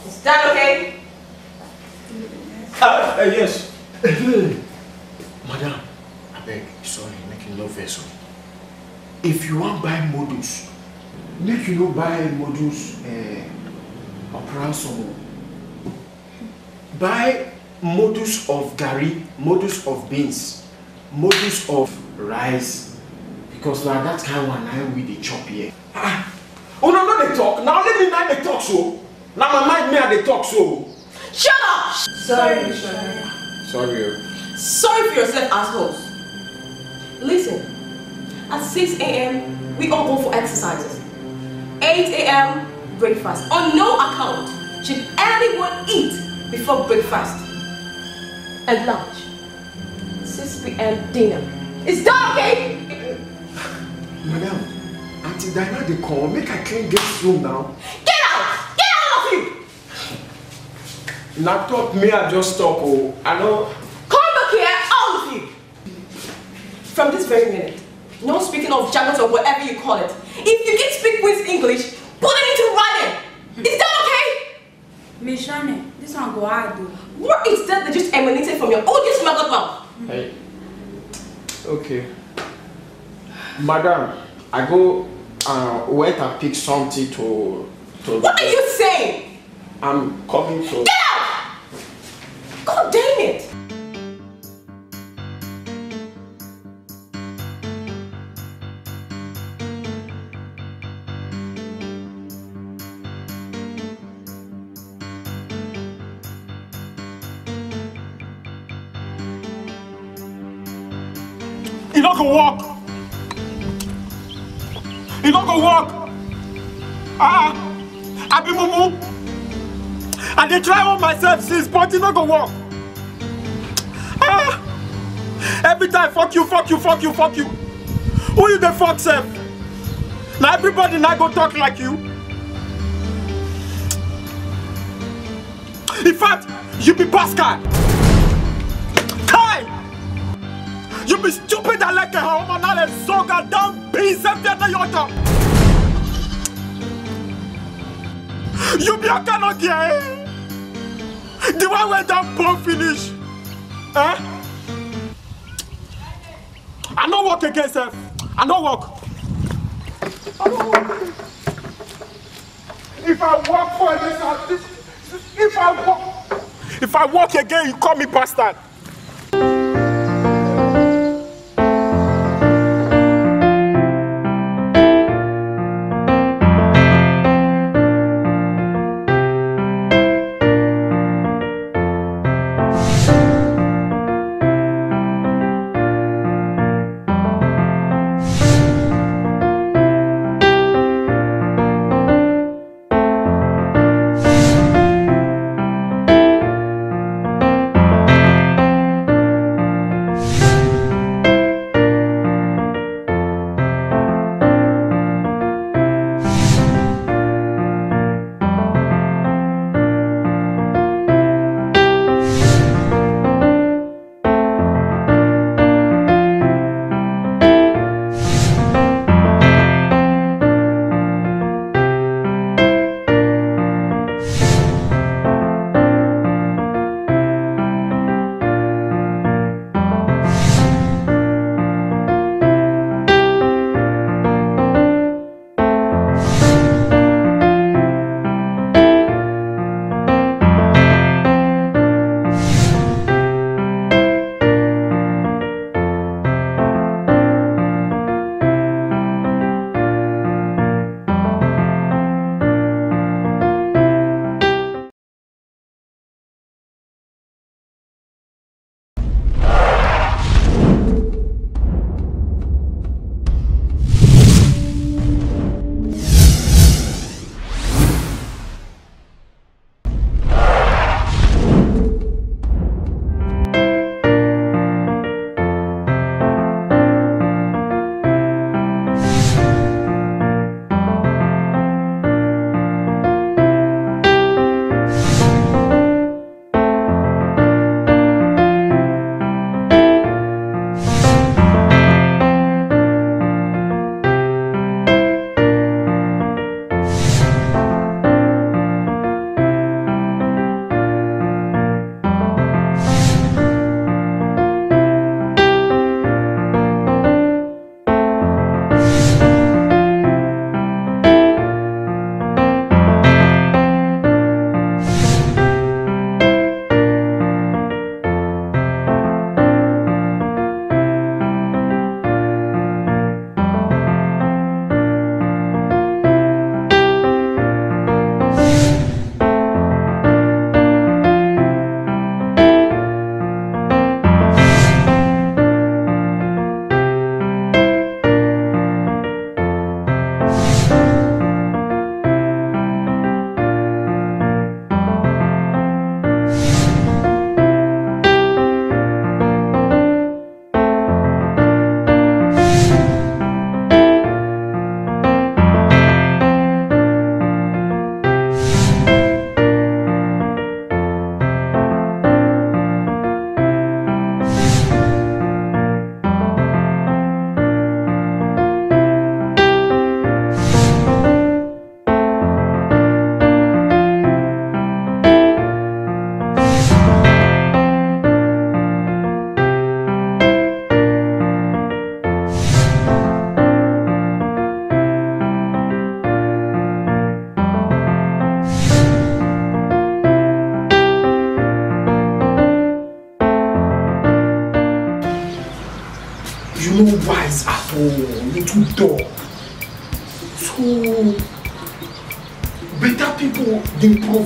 Is that okay? Uh, uh, yes. Madam, I beg, sorry, making love vessel. If you want buy modus, make you no buy modus uh, eh, operandi. Buy modus of gari, modus of beans, modus of rice. Because now that kind one now with the chop here. Ah, oh no, no they talk. Now let me not they talk so. Now my mind me and they talk so. Shut up! Sorry, Sorry. Sorry. Oh. Sorry for yourself, assholes. Listen, at 6 a.m., we all go for exercises. 8 a.m., breakfast. On no account should anyone eat before breakfast. and lunch. 6 p.m. dinner. It's that okay? Madam, Auntie Diana, they call. Make her clean this room now. Get out! Get out of here! Laptop, me, I just stop. Oh, I know. Come back here, all of you! From this very minute, no speaking of jargon or whatever you call it. If you can speak with English, put it into running. Is that okay? Miss Shane, this one go hard though. What is that that just emanated from your odious oh, maggot mouth? Hey. Okay. Madam, I go uh, wait and pick something to... to what are you saying? I'm coming to... Get out! God damn it! not go walk. He not go walk. Ah, ah. I be mumu. I dey try on myself since, but he not go walk. Ah, every time fuck you, fuck you, fuck you, fuck you. Who you the fuck self? Now everybody not go talk like you. In fact, you be Pascal. be stupid aleke ha oma nale zoga dam bize vieta yota. You be a cannot get The one where that poor finish. Eh? I don't work again, sir. I don't work. I no work. If I work for this, this, if I work, if I work again, you call me bastard.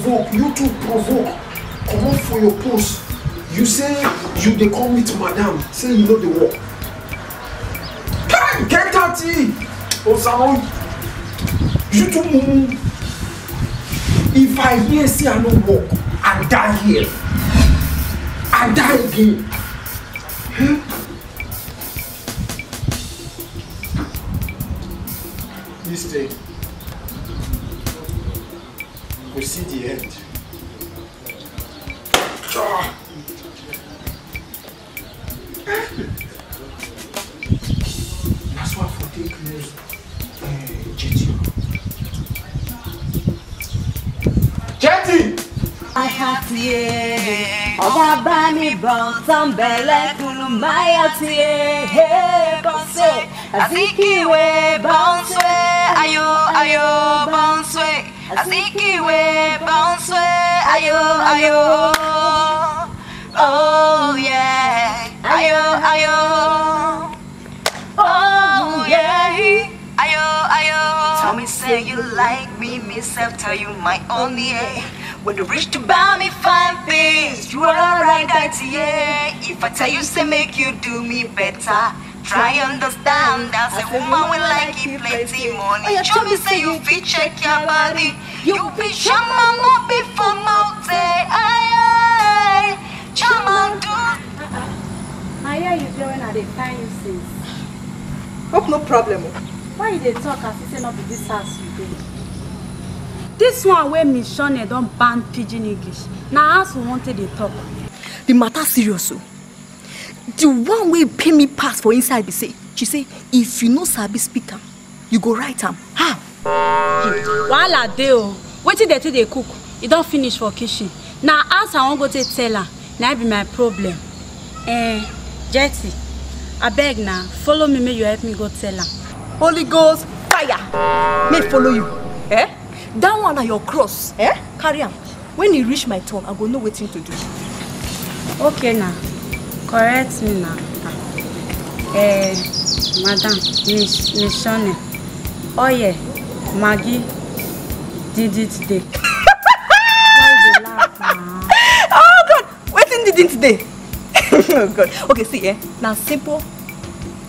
provoke you too provoke come up for your post you say you dey come meet madam say you know the work hey get out here osamu you too mumu if i hear say i no work i die here i die again דיברת בלק ולמייתי בנסו אזיקיווה בנסו איו איו בנסו אזיקיווה בנסו איו איו Oh yeah, ayo ayo. Oh yeah, ayo ayo. Tell me, say you like me, miss. i tell you my only. Yeah. When you reach to buy me fine things, you are alright, I yeah. If I tell you, say make you do me better. Try understand that a woman will like you plenty money. Oh, Show me say you fit check your body. You be shaman, not be for mouth. Aye, aye, shaman do. Maya, you doing at the time you see. Hope no problem. Why you dey talk as you say not be this house? This one where miss shone don ban pidgin english Now as we wanted to talk. the matter serious o oh. the one wey pay me pass for inside be say she say if you no sabi speaker, you go write am how. wahala dey o oh. wetin dey take dey cook e don't finish for kitchen Now as i wan go to tell her, now be my problem. Eh, jetty beg now, follow me may you help me go tell her. holy ghost fire May follow you. Eh? That one na your cross eh carry on. when you reach my turn i go know wetin to do okay now correct me now. eh madam miss miss shone yeah, Maggie did it today. oh god wetin did it today? oh god okay see eh Now simple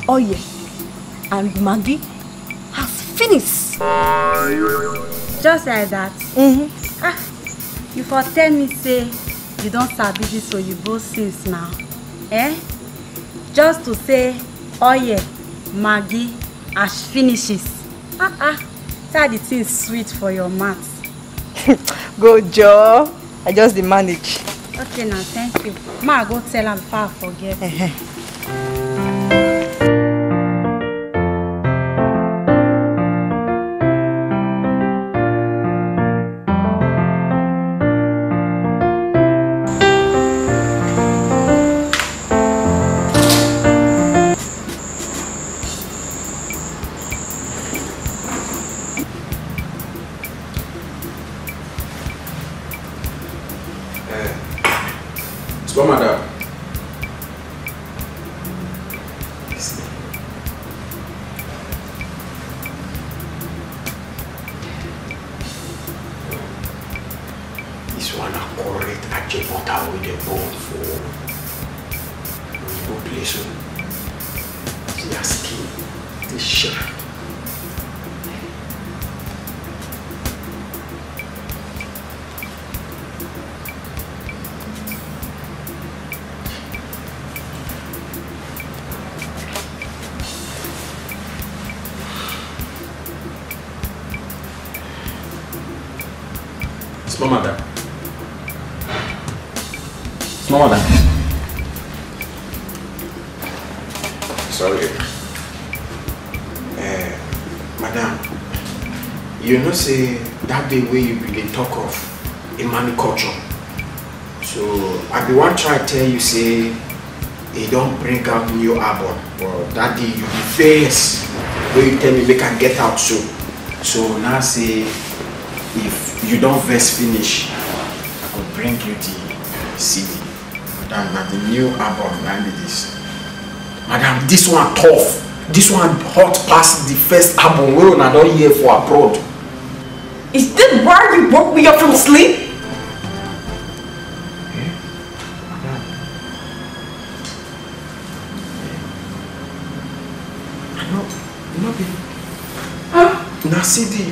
Oh yeah, and Maggie has finished just like that mm-hmm. ah you for tell me say you don sabi dis oyibo since now eh just to say oh yeah, maggi as finishes ah ah that the thing sweet for your mouth go joor i just dey manage okay na thank you ma go tell am before i forget you know say that day wey you begin talk of imani culture so i be wan try tell you say e don bring out new album but that day you be first wey you tell me make i get out so so now say if you don verse finish i go bring you the cd madam na the new album na be this madam this one tough this one hot pass the first album wey una don hear for abroad Is this why you woke me up from sleep? Now see the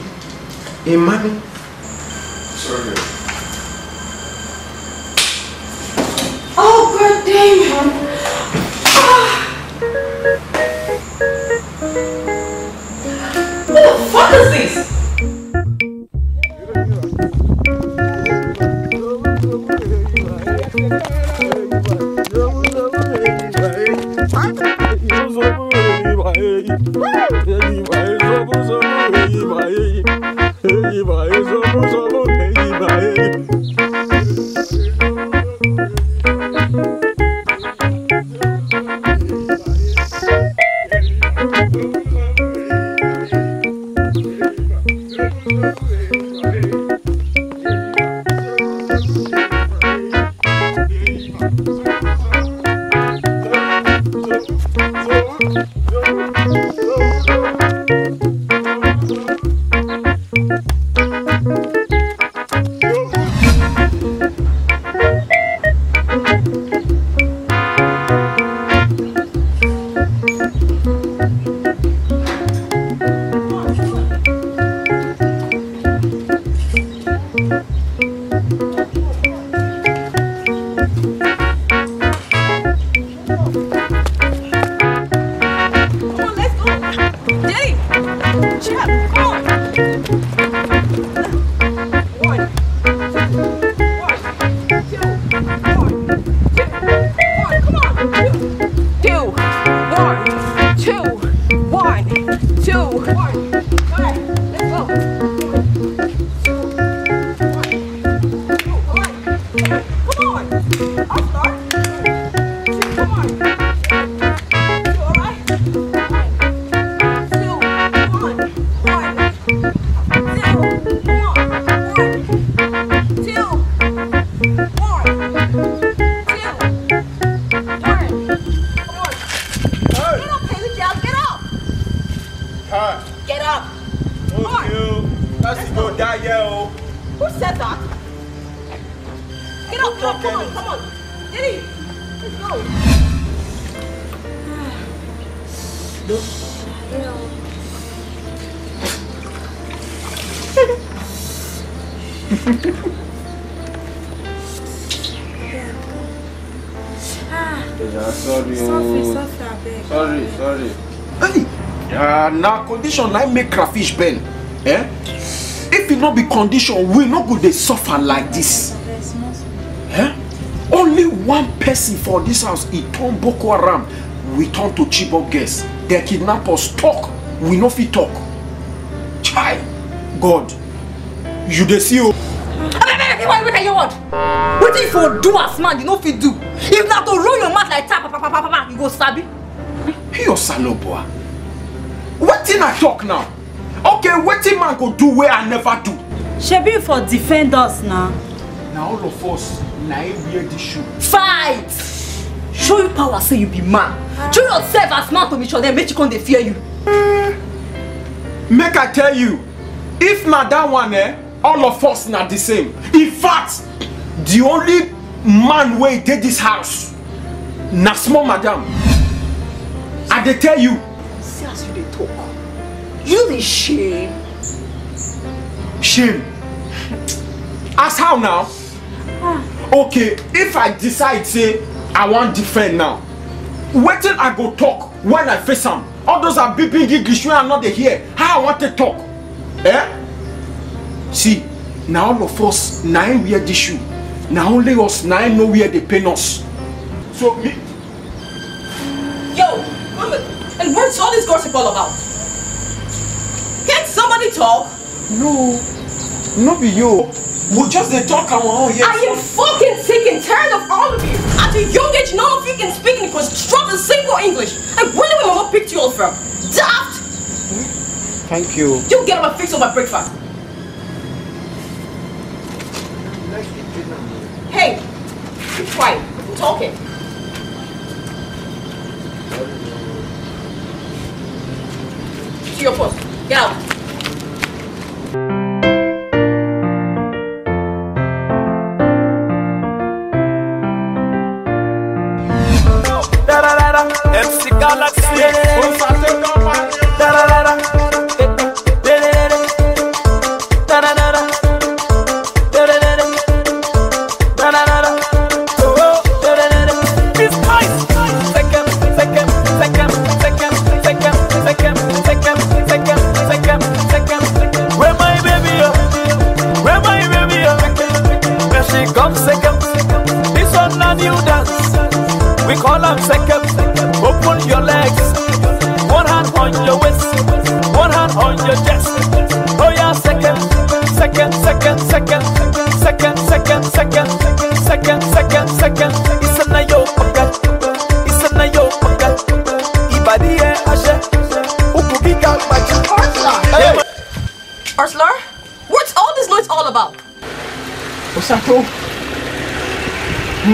make crayfish bend eh if it not be condition we not go they suffer like this eh only one person for this house e turn boko haram we turn to chibok girls dem kidnap us talk we not fit talk chai god you dey see you. Wait, wait, your word. Wetin you for do as man, you no fit do. If not to roll your mouth like tap, papa, papa, papa, you go sabi. Hey, your saloboa wetin i talk now okay wetin man go do wey i never do. shebi for defend us na. na all of us na him wear the shoe. fight show you power say you be man show yourself as man to mission dem make you come dey fear you. Eh, make i tell you if na that one eh all of us na the same in fact the only man wey dey this house na small madam i dey tell you me shame. Shame? As how now? Ah. Okay, if I decide say I want different now, wetin I go talk when I face am? All those are big big English wey I no dey How I want to talk? Eh? See, now all of us na im wear dis shoe. Now only us na know where they dey pain us. So me no no be you we just dey talk our own here. i am fucking sick and tired of all of you at a young age none of you can speak any constructive single english i wonder where mom picked you all from daft. thank you. you get my fix on my breakfast. hey keep quiet i'm talking. to your post get out.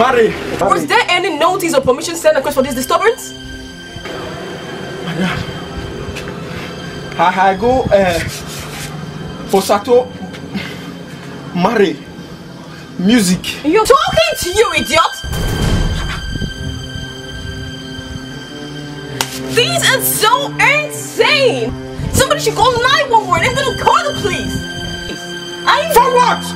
marry. Was there any notice or permission sent across for this disturbance? Madam, I, I go uh, eh, Posato marry music. You're talking to you, idiot! These are so insane! Somebody should call 911 and then call the police! For what?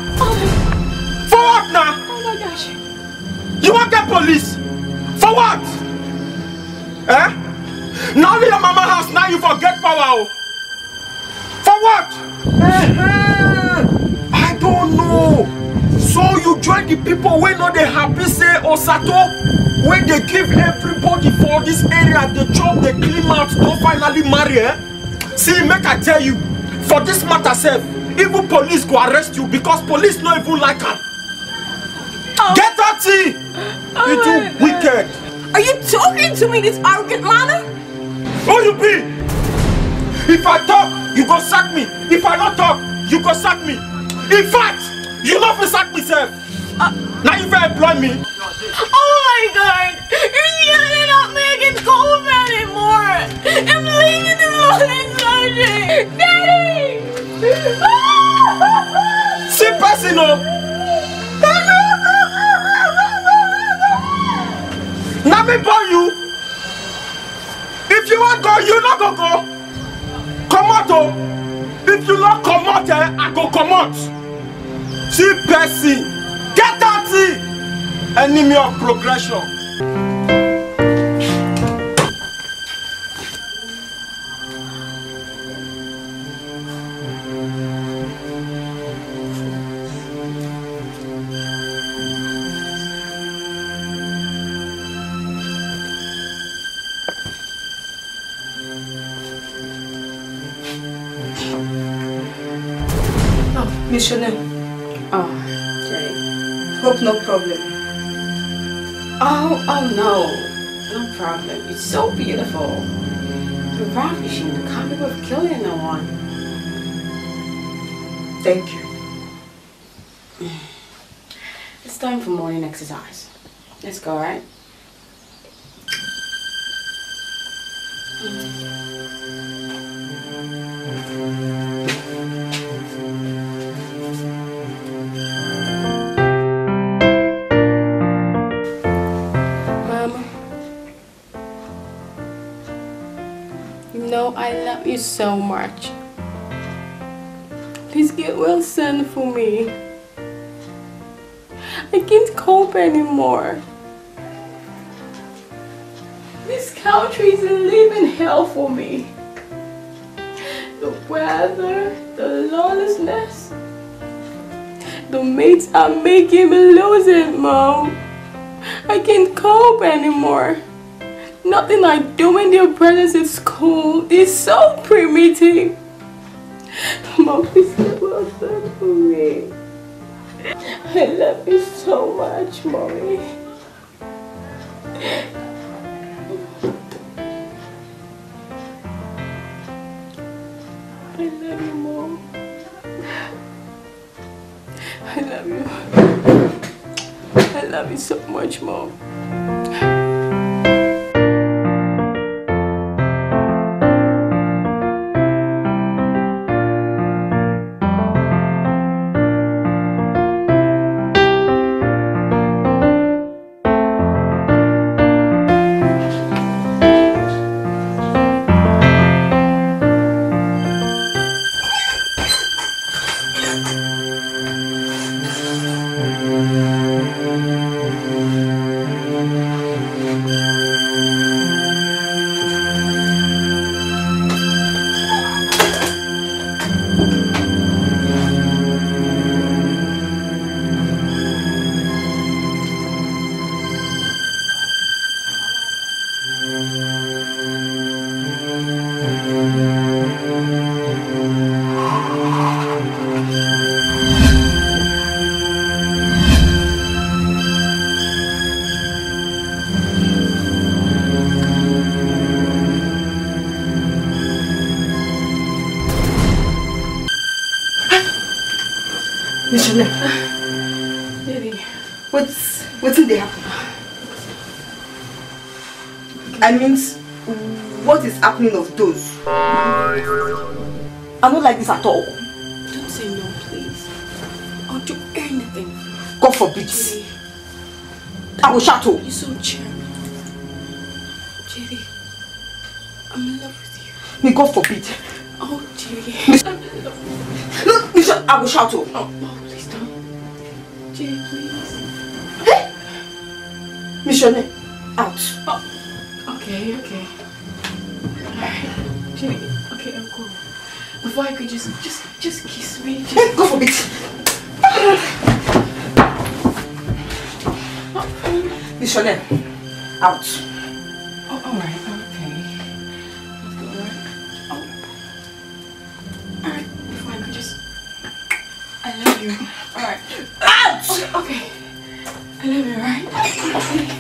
people wey no dey happy say osato wey dey give everybody for dis area dey chop dey clean mouth don finally marry eh see make i tell you for dis matter sef even police go arrest you because police no even like am oh. get dat thing oh you too wicked. are you talking to me this arrogant manner. Eh? who you be if i talk you go sack me if i no talk you go sack me in fact you no fit sack me sef. destroy me. Oh my god! You're yelling at me against Cobra anymore! I'm leaving this modern surgery! Daddy! See passing up! Now me burn you! If you want go, you not go go! Come out oh! If you not come out, eh, I go come out! See Percy enemy of progression. Missioner. Oh, Jerry. Oh, Hope no problem. Oh, oh no. No problem. It's so beautiful. You're ravishing. The comic of killing no one. Thank you. It's time for morning exercise. Let's go, right? you so much. Please get Wilson for me. I can't cope anymore. This country is a living hell for me. The weather, the lawlessness, the mates are making me lose it, Mom. I can't cope anymore. Nothing like doing in their presence school is so primitive. Mom, please step outside for me. I love you so much, Mommy. I love you, Mom. I love you. I love you so much, Mom. this at all. Don't say no, please. I'll do anything. God forbid. Jerry. I will shut shatter. You're so charming. Jerry, I'm in love with you. May God forbid. Oh, Jerry. Miss I'm in love with you. No, Miss, I will shatter. Oh, oh, please don't. Jerry, please. Hey! Michelle, out. Oh, okay, okay. Alright. Jerry, okay, I'm cool. Before I could just, just, just kiss me. Just go for it. Miss Chanel, out. Oh, all right, okay. Oh. All right, I just, I love you. All right. Ouch. Okay. I love you, right?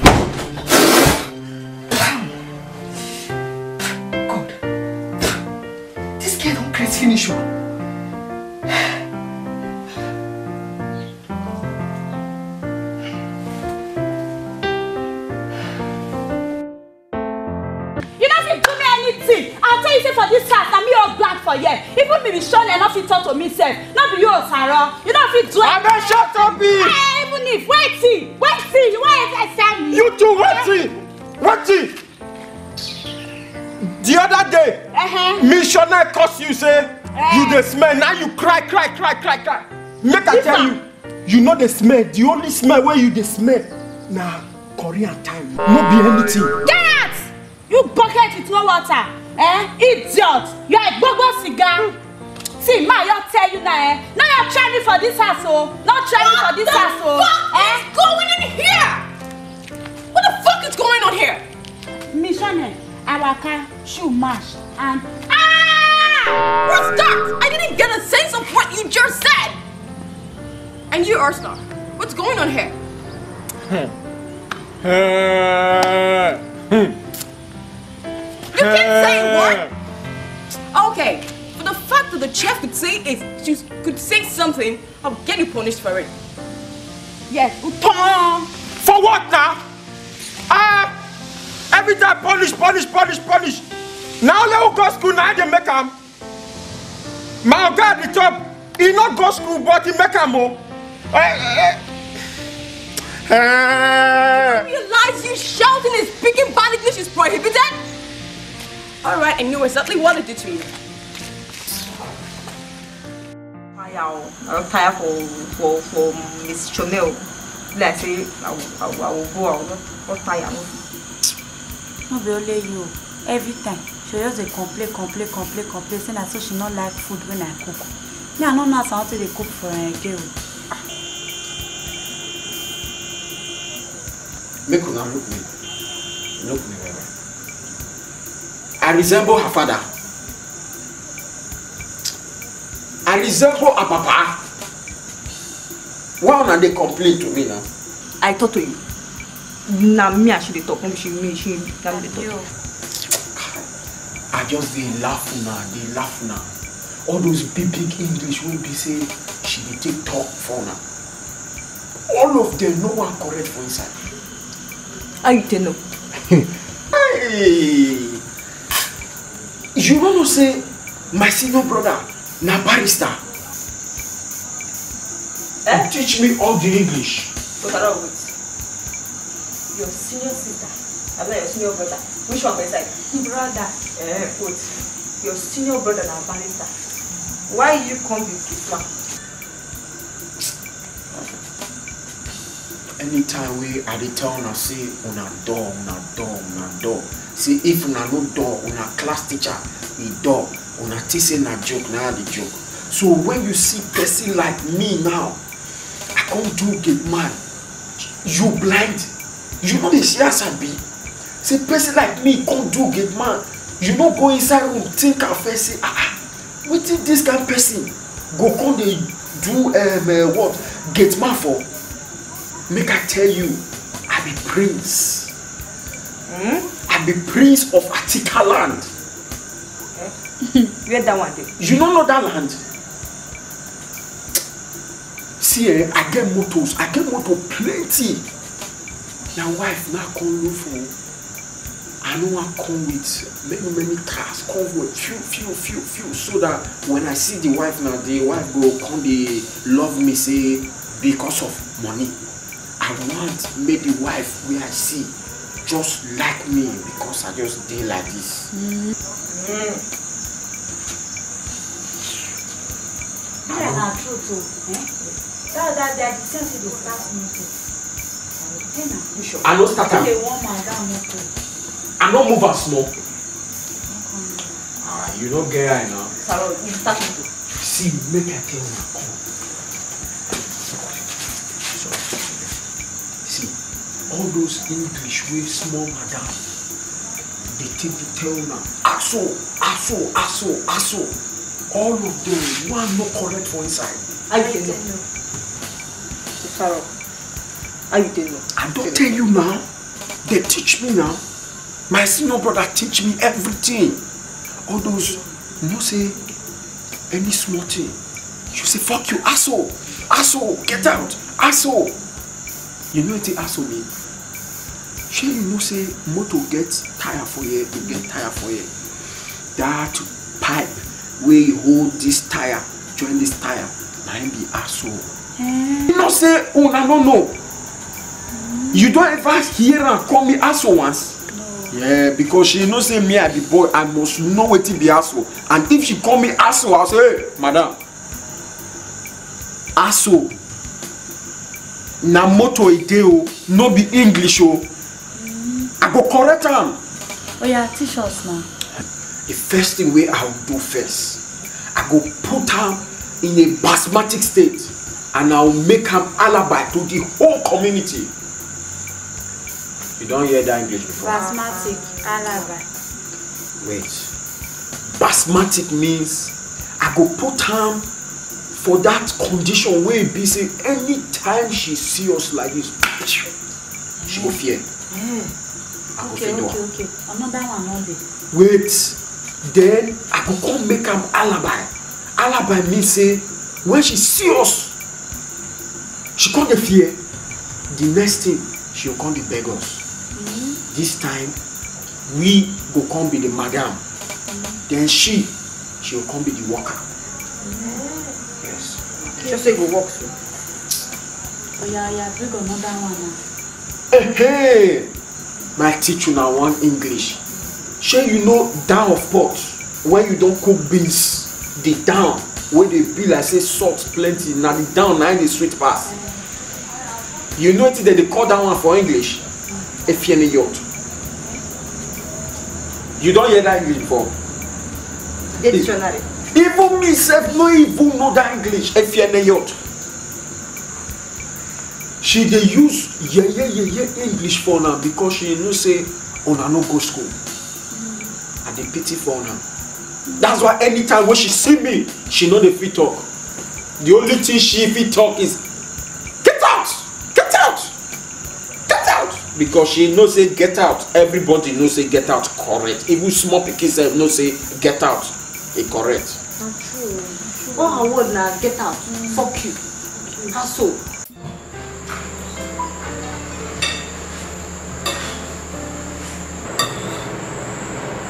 Not fit talk to me sef no be you osaro you no fit do anything. abeg shut up e. eh even if wetin wetin you wan exercise me. you too wetin wetin the other day. Uh -huh. missionary curse you say uh, you dey smell now you cry cry cry cry cry make i tell you you no dey smell the only smell wey you dey smell na korean time no be anything. get out you bucket with no water eh idiot you are gbogbo cigar. See, ma, I'll tell you now, eh? Now you're trying for this asshole. Oh. Not trying what for this asshole. What the oh. fuck eh? is going in here? What the fuck is going on here? Michonne, Awaka, Shumash, and... Ah! What's that? I didn't get a sense of what you just said. And you, Arsenal, what's going on here? you can't say a word? Okay the fact that the chef could say it, she could say something, I'll get you punished for it. Yes. For what now? Ah, every time punish, punish, punish, punish. Now let go school, now they make him. My God, the top, he not go school, but he make him more. Uh, you realize you shouting and speaking bad English is prohibited? Alright, I know exactly what I did to you. I'll I'm tired for for for Miss Chanel. Like say, I will, I will, I will go. I will not, not No be only you. Every time she just dey complain, complain, complain, complain. Say na so she no like food when I cook. Me, I don't know how to cook for a girl. Make una look me, look me I resemble her father. I resemble a papa. Why una they complain to me now? I talk to you. Now me I should dey talk. She me she na me talk. I just they laugh now, They laugh now. All those big big English will be say she did take talk for now. All of them no one correct for inside. How you dey know? hey, you no know say my senior brother na barrister eh? teach me all the english. but i don wait your senior sister abi na your senior brother which one for inside. brother. Eh, wait your senior brother na barrister why you come with this one. anytime wey i dey tell una say una dull una dull una door. See if una no dull una class teacher e door una think say na joke na the joke so when you see person like me now i come do gate man you blind you no dey see as i be say person like me come do gate man you no go inside room think am first say ah ah this kind kain person go come dey do um, uh, what gate man for make i tell you i be prince hmm? i be prince of atika land. Where that one dey? You no know that land? See eh, I get motors, I get motor plenty. Na wife now come look for. I no wan come with many many cars, come with few few few few so that when I see the wife now, the wife go come the love me say because of money. I want make the wife wey I see just like me because I just dey like this. Mm. Mm. Yeah, na true too. Eh? That that they the same thing they start motor. I no start am. I no move am small. Ah, you no get eye now? Saro, you start motor. See, make a tell una See, all those English wey small madam they take dey tell now. aso aso aso aso all of them one no correct for inside. how you dey know Farao how you dey know. i don tell you now They teach me now my senior brother teach me everything all those you know say any small thing you say fuck you asshole asshole get out asshole you know what the asshole mean She you know say motor gets tire for you. e get tire for you. that pipe wey you hold this tire join this tire na him be asshole. Eh. you know say una no know you don ever hear am call me asshole once. yeah because she know say me i be boy i must know wetin be asshole and if she call me asshole i say hey madam asshole na moto e dey o no be english o mm. i go correct am. oya oh yeah, teach us na the first thing wey I will do first, I go put am in a basmatic state and I will make am alibi to the whole community. You don hear that English before? Basmatic, alibi. Wait, basmatic means I go put am for that condition wey be say anytime she see us like this she go fear. Mm. I go okay, fear okay, okay. Another one no dey. Wait then i go come make am alibi alibi mean say when she see us she come dey fear the next thing she go come dey beg us mm -hmm. this time we go come be the madam mm -hmm. then she she go come be the worker mm-hmm. yes just say go work so. Oh, yeah, yeah. bring another one na. hey, eh, hey. my teacher now one english shey you know down of pot when you don cook beans the down wey dey be like say salt plenty na the down na im dey sweet pass you know wetin dem dey call that one for english efieniyot you don hear that english before dictionary even me sef no even know that english efieniyot she dey use yeye yeye english for una because she know say una oh, no go school The pity for una that's why anytime when she see me she know the fit talk the only thing she fit talk is get out get out get out because she know say get out everybody know say get out correct even small pikin sef know say get out It e correct. na true What her word now, get out mm. fuck you na so.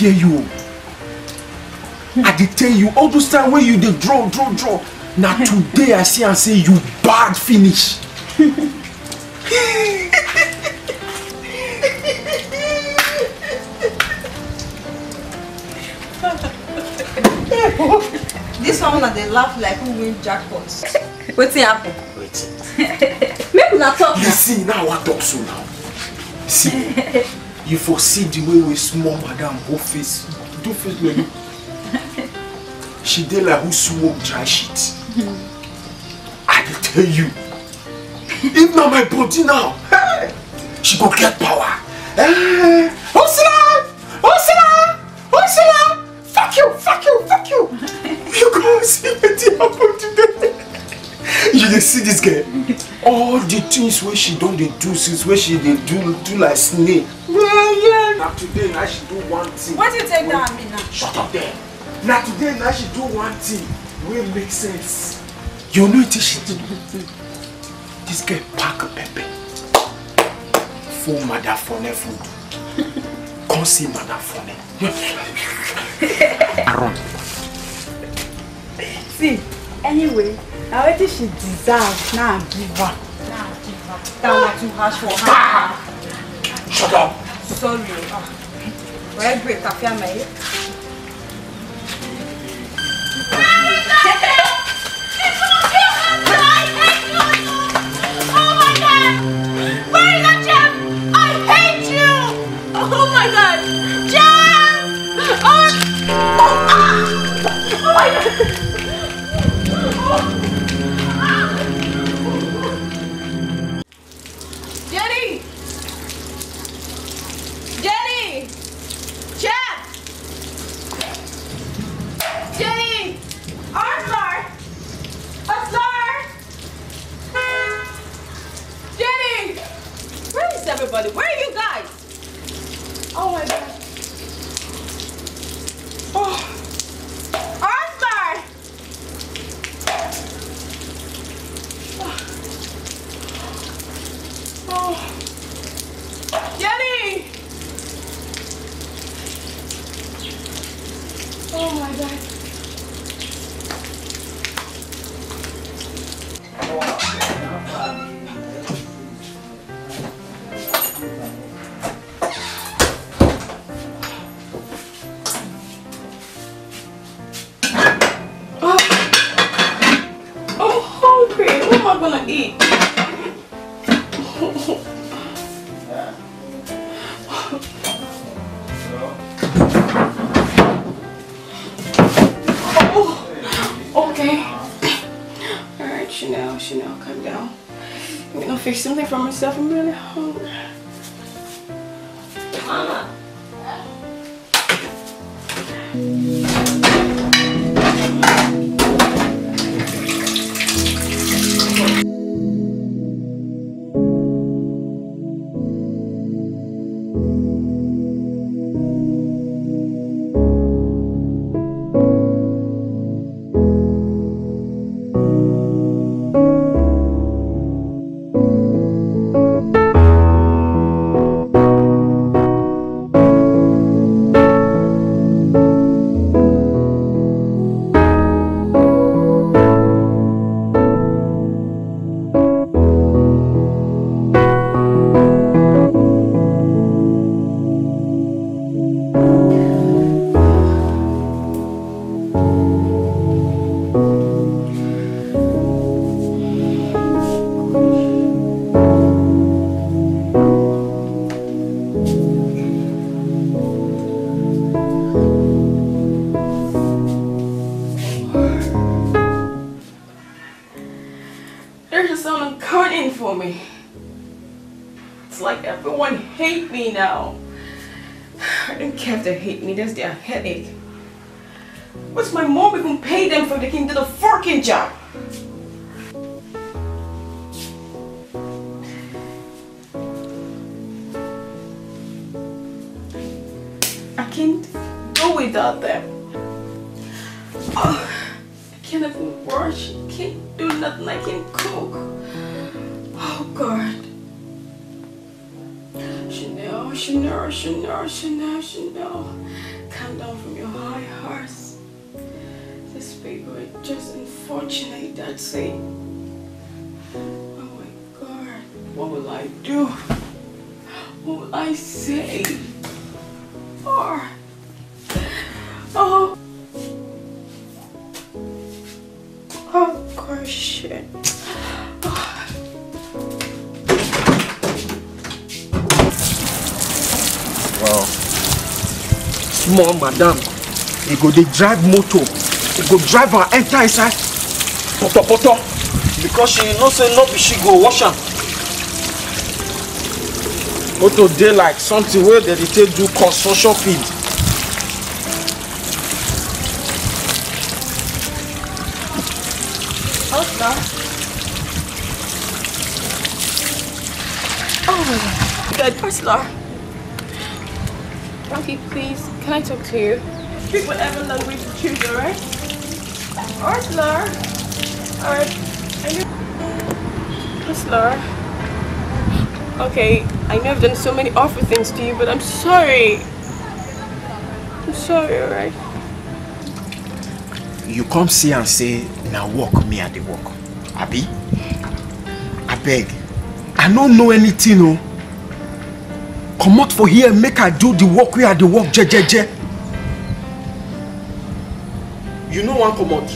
fear you i dey tell you all those time when you did draw draw draw Now today i see and say you bad finish. This one that they laugh like who win jackpots. What's happen. wetin. make not talk you see now our talk so now. see you foresee the way we small madam go face do face me? she dey like who smoke dry shit i will tell you if na my body now hey, she go get power hey, hustler hustler hustler fuck you fuck you fuck you you go see wetin happen today you dey see dis girl all the things wey she don dey do since wey she dey do do like snake na today na she do one thing you take that mean na shut up there na today na she do one thing wey make sense you know wetin she do dis girl pack pepper full madafone food come see madafone aaron see anyway Now wetin she deserves now nah, give her. Now nah, give her. That was too harsh for her. Ah! Shut up. Sorry. Where Wẹ́ẹ́ gbé kàfíà mẹ́yẹ. Oh my god! Jeff! Oh! Oh! Ah! Oh my god! everybody. Where are you guys? Oh my God. Oh. Arthur! Oh. Oh. Jenny! Oh my God. one madam go dey drive motor e go drive her enter inside potopoto because she no say no be she go wash am motor dey like something where they dey take do construction feed. Oh, good, Ursula. Okay, please. can I talk to you? Speak whatever language you choose, alright? Alright, Laura. Alright. I Yes, Laura. Okay, I know I've done so many awful things to you, but I'm sorry. I'm sorry, alright? You come see and say, now walk me at the walk. Abby? I beg. I don't know anything, oh. Come out for here make i do the work wey i the work jejeje you know no Come out.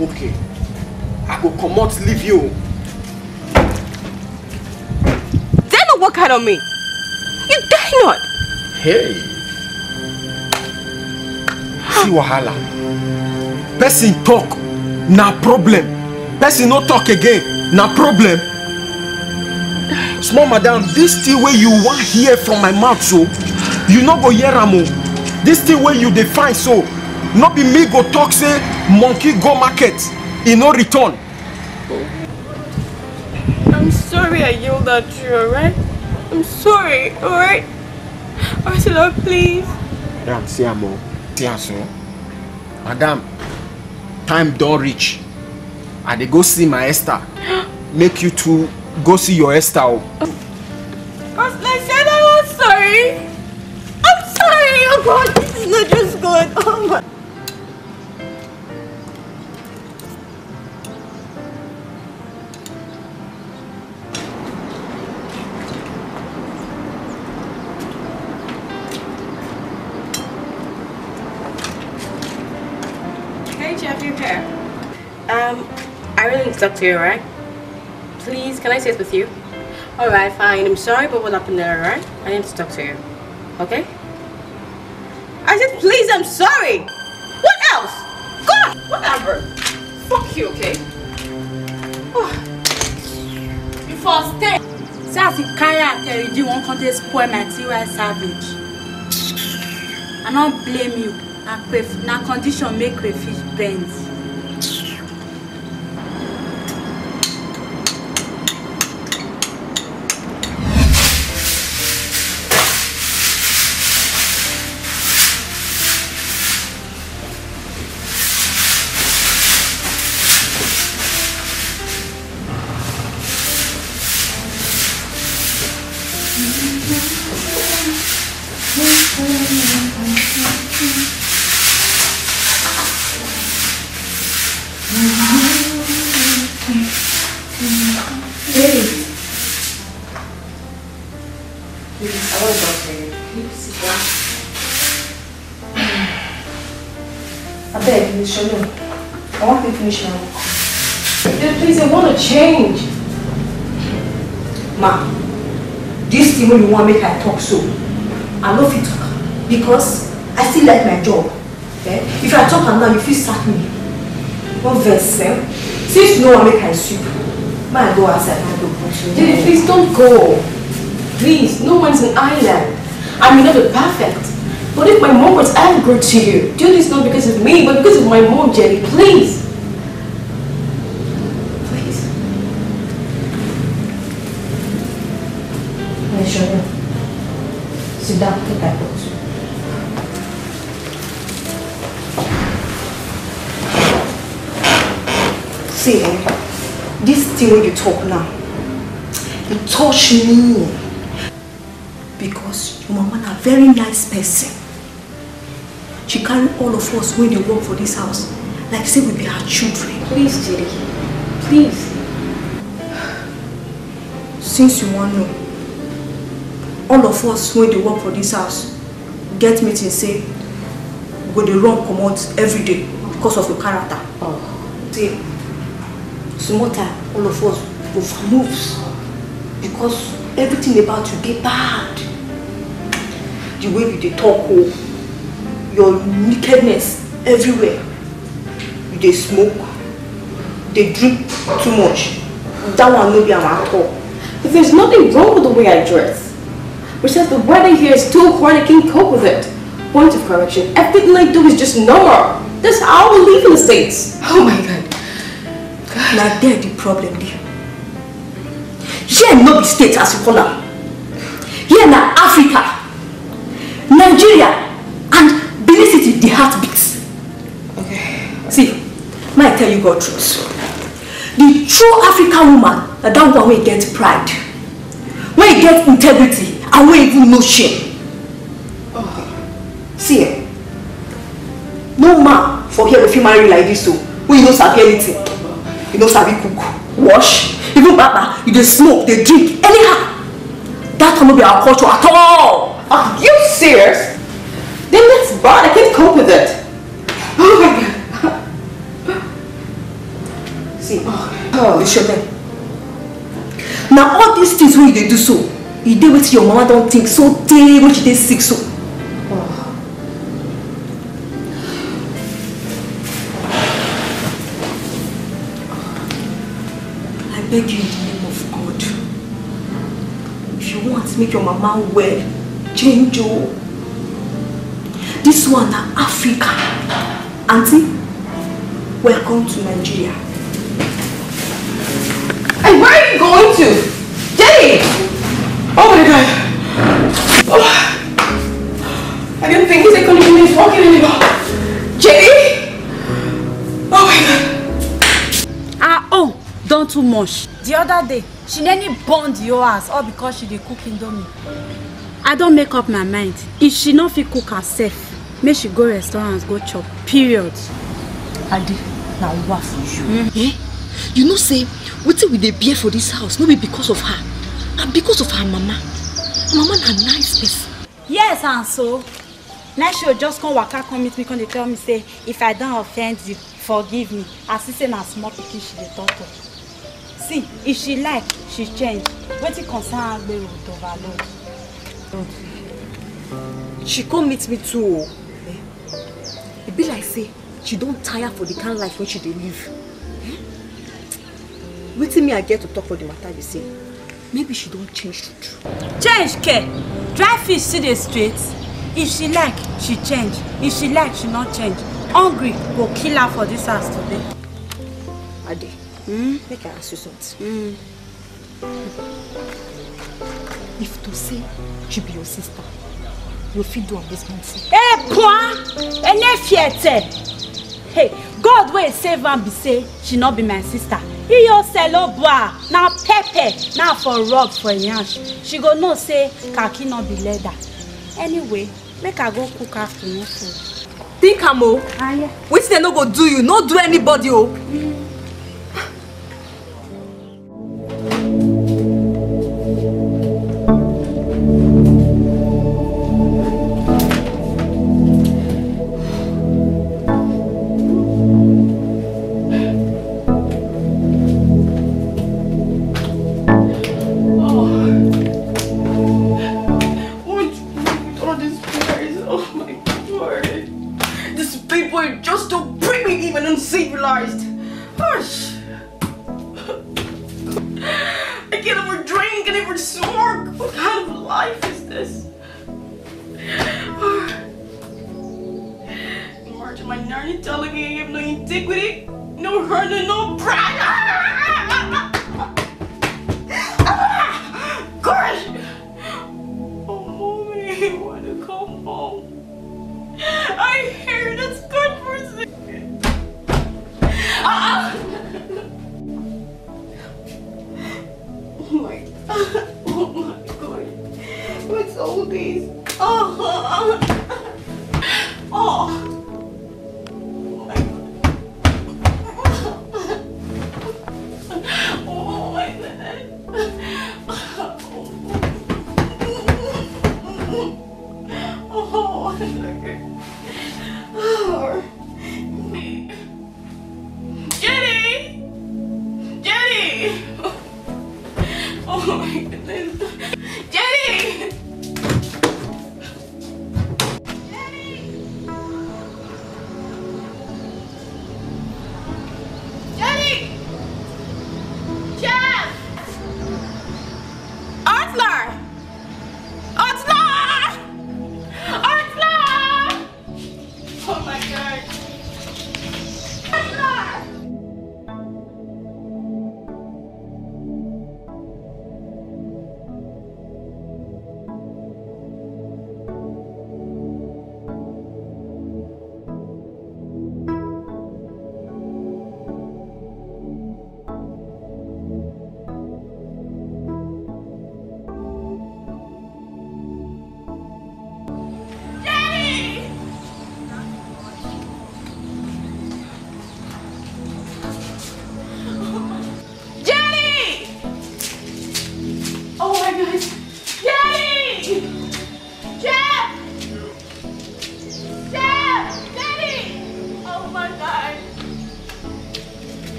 okay i go come out. leave you. dare not work out on me you dare not. hey see wahala person talk na problem person no talk again na problem small madam this thing wey you wan hear from my mouth so you no go hear am o dis thing wey you dey find so no be me go talk say monkey go market e no return. i'm sorry i yelled at you alright i'm sorry alright ursula please. madam see am o see am so madam time don reach i dey go see my esther make you two Go see your hairstyle. I said I was sorry. I'm sorry. Oh God, this is not just good. Oh my. Hey, Jeff, here? Um, I really need to talk to you, right? Please, can I sit with you? Alright, fine. I'm sorry but what happened there, alright? I need to talk to you. Okay? I said, please, I'm sorry. What else? God, whatever. Fuck you, okay? Oh. You first day. Sassy carry you won't come to spoil my TY savage. I don't blame you. Now, condition make crayfish bends. want make I talk so. I love you talk because I still like my job. Eh? If I talk now, you feel sack me. No verse, eh? Since no one make I sweep, my go outside and go push please don't go. Please, no one's an island. I am not be perfect, but if my mom was angry to you, do this not because of me, but because of my mom, Jenny, please. See when you talk now. You touch me. Because your mama a very nice person. She carry all of us when they work for this house. Like say we be her children. Please, Jerry. Please. Since you want to know, all of us when they work for this house, get meeting say, go the wrong comot every day because of your character. Oh. See, small all of us must moves because everything about you get bad the way you talk oh, your nakedness everywhere you dey smoke They drink too much that one maybe I'm at all. But there's nothing wrong with the way I dress. Which says the weather here is too hot, I can't cope with it. Point of correction, everything I do is just normal. That's how we live in the States. Oh my god. Now there the problem dey here no be state as you call am here na africa nigeria and benin city the heartbeats. okay. see may i tell you god truth the true african woman that one wey get pride wey get integrity and wey even no shame oh. see eh, no man for here go fit marry like this o oh. wey you no anything you no sabi cook wash even baba you dey smoke dey drink anyhow that one no be our culture at all are you serious then that's bad i can't cope with it oh my god see oh, oh you sure then na all these things wey you dey do so e dey wetin your mama don think so tey wey she dey sick so beg you in the name of God. If you want, make your mama well. Change o. Oh. This one Africa. Auntie, welcome to Nigeria. Hey, where are you going to? Jenny! Oh my God. Oh. I didn't think he's going to be walking anymore. Jenny! Oh my God done too much. the other day she nearly burned your ass all because she dey cook indomie. i don't make up my mind if she not fit cook herself may she go restaurants, go chop period. adi Now what for you. Mm -hmm. eh? you know say What we dey bear for this house no be because of her and because of her mama mama na nice person. yes and so Now she'll just come waka come meet me come dey tell me say if i don offend you forgive me as if say na small pikin she dey talk to see if she like she change wetin concern agbero with overload. she come meet me too oo eh? e be like say she don tire for the kind life wey she dey live eh? wetin me i get to talk for the matter be say maybe she don change true true. change care dry fish still dey straight if she like she change if she like she no change hungry go kill her for this house today. ade Make I ask you something. If Tosin should be your sister, you fit do am this month. Eh, hey, Pua! Enefiete! Hey, God will save and be say she not be my sister. He your selo boy. Now pepper, now for rub for yansh. She go know say kaki not be leather. Anyway, make I go cook afternoon food. Think am o. Ah, yeah. Which they no go do you, no do anybody oh. Mm. Thank you.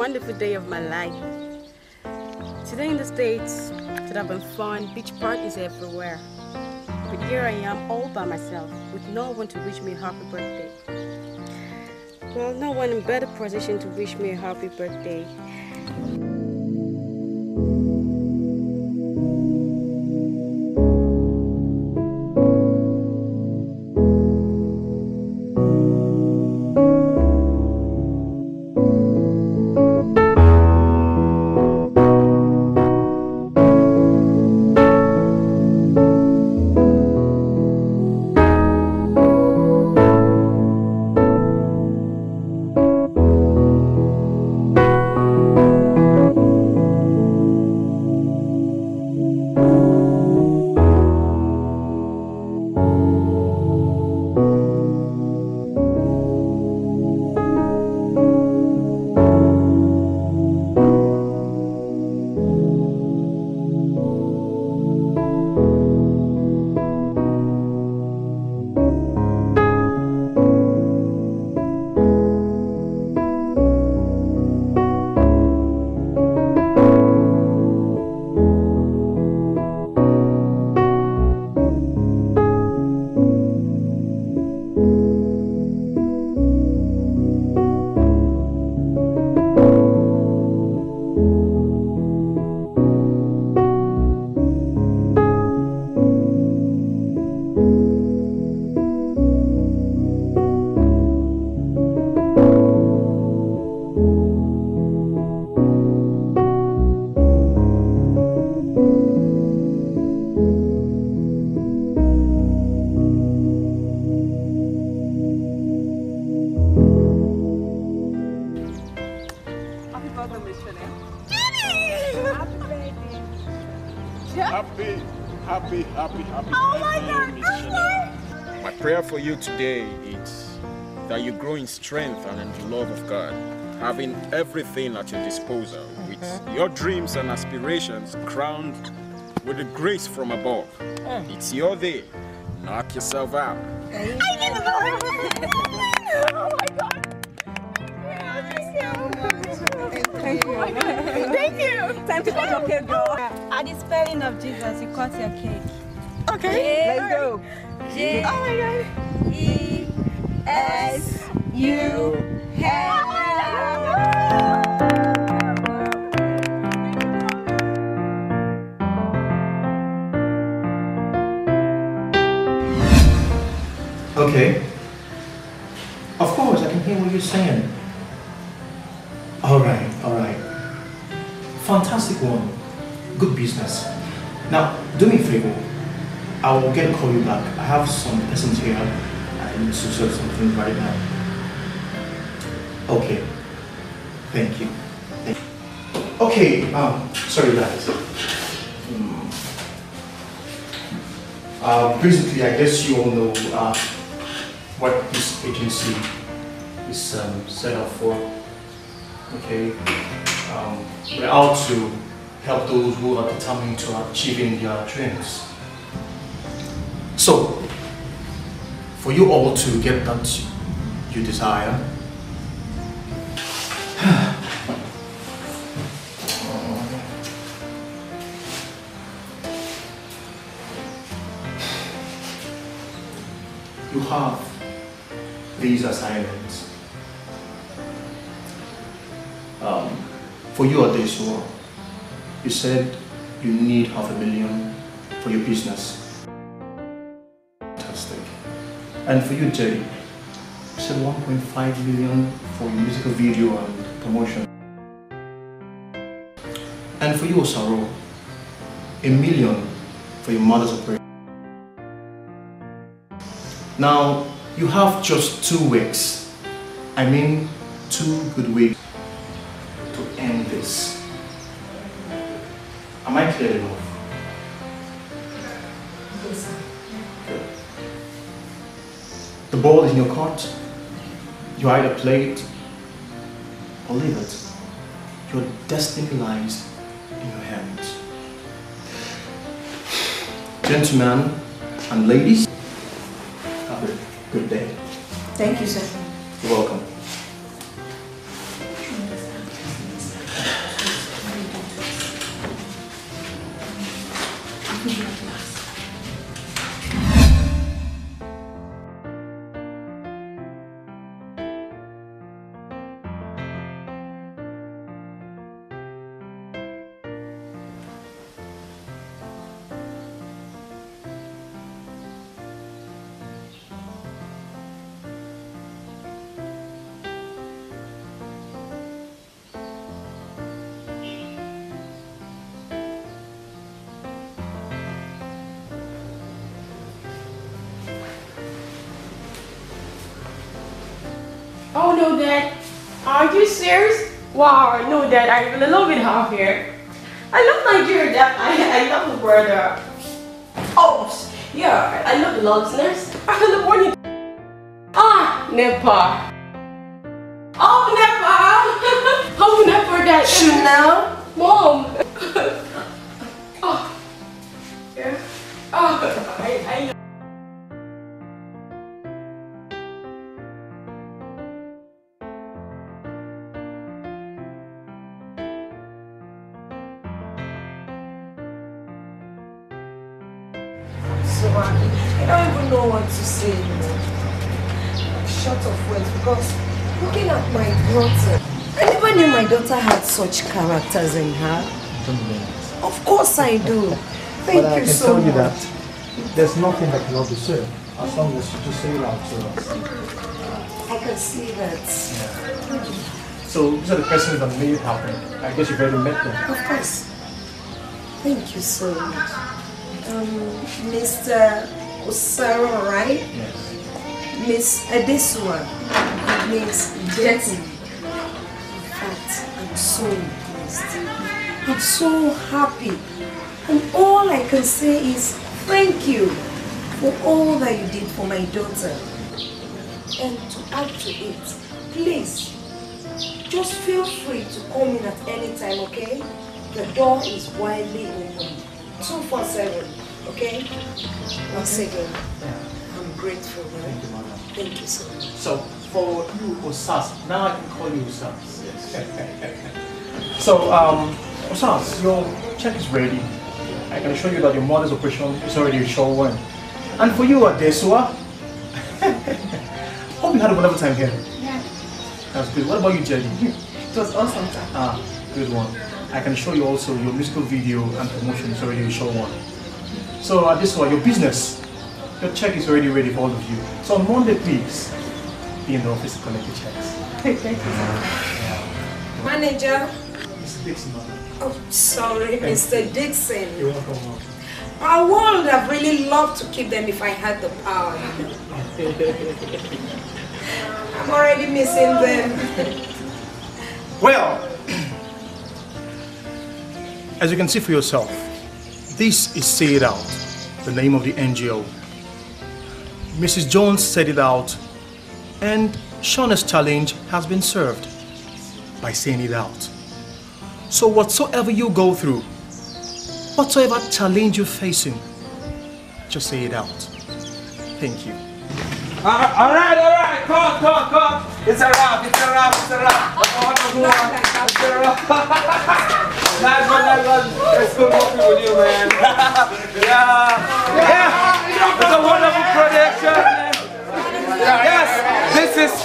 wonderful day of my life. Today in the States, it have been fun. Beach parties everywhere. But here I am all by myself with no one to wish me a happy birthday. Well, no one in better position to wish me a happy birthday strength and love of God, having everything at your disposal, with your dreams and aspirations crowned with the grace from above. Mm. It's your day. Knock yourself out. oh my God. Thank you. Thank you. Time to cut your cake, girl. At the spelling of Jesus, you cut your cake. Okay. J Let's go. J oh my God. E S you have. Okay. Of course, I can hear what you're saying. Alright, alright. Fantastic one. Good business. Now, do me a favor. I will get a call you back. I have some persons here. I need to sort something right now. Okay. Thank you. Okay, um, sorry guys. Hmm. Um, basically, I guess you all know uh, what this agency is um, set up for. Okay, um, we're out to help those who are determined to achieving their dreams. So, for you all to get that you desire, Half these assignments um, for you at You said you need half a million for your business. Fantastic. And for you, Jay, you said 1.5 million for your musical video and promotion. And for you, Osaro, a million for your mother's operation. Now, you have just two weeks. I mean, two good weeks to end this. Am I clear enough? The ball is in your court. You either play it or leave it. Your destiny lies in your hands. Gentlemen and ladies, good day. Thank you, sir. You're welcome. I even a little bit hot here. I love Nigeria. I, I love the weather. Oh, yeah. I love Londoners. I love morning. Ah, Nepal. Oh, Nepal. oh, Nepal. That Chanel. Mom. such characters in her. Of course I do. Thank but you I can so tell much. you that there's nothing that cannot be said as long as you just say it out to us. I can see that. Yeah. So these are the persons that made it happen. I guess you've already met them. Of course. Thank you so much. Um, Mr. Osara, right? Yes. Miss Adesua, Miss Jetty so I'm so happy. And all I can say is thank you for all that you did for my daughter. And to add to it, please, just feel free to come in at any time, okay? The door is widely open. 247, okay? Once again, I'm grateful. Thank you, Mama. Thank you so much. So, for you, Osas, now I can call you Osas. Yes. So, um, Osas, your check is ready. I can assure you that your mother's operation is already a sure one. And for you, Adesua, hope you had a wonderful time here. Yeah. That's good. What about you, Jenny? it was awesome. Ah, good one. I can show you also your musical video and promotion is already a sure one. So Adesua, your business, your check is already ready for all of you. So on Monday, please be in the office to collect the checks. Thank you. Manager. Dixon, Mother. Oh, sorry, Mr. Dixon. You're welcome, I would have really loved to keep them if I had the power. I'm already missing them. well, as you can see for yourself, this is Say It Out, the name of the NGO. Mrs. Jones said it out, and Shauna's challenge has been served by saying it out. So whatsoever you go through, whatsoever challenge you're facing, just say it out. Thank you. All right, all right, Come, come, come. It's a wrap, it's a wrap, it's a wrap. Oh, no, no, no. It's a wrap. nice one, nice one. It's good working with you, man. yeah. Yeah. It's a wonderful production, man. Yes, this is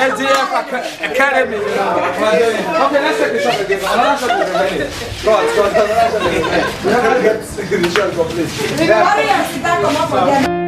LDF Academy. Okay, let's take the shot again. Another shot is Go on, go on, another shot We have to get the shot complete.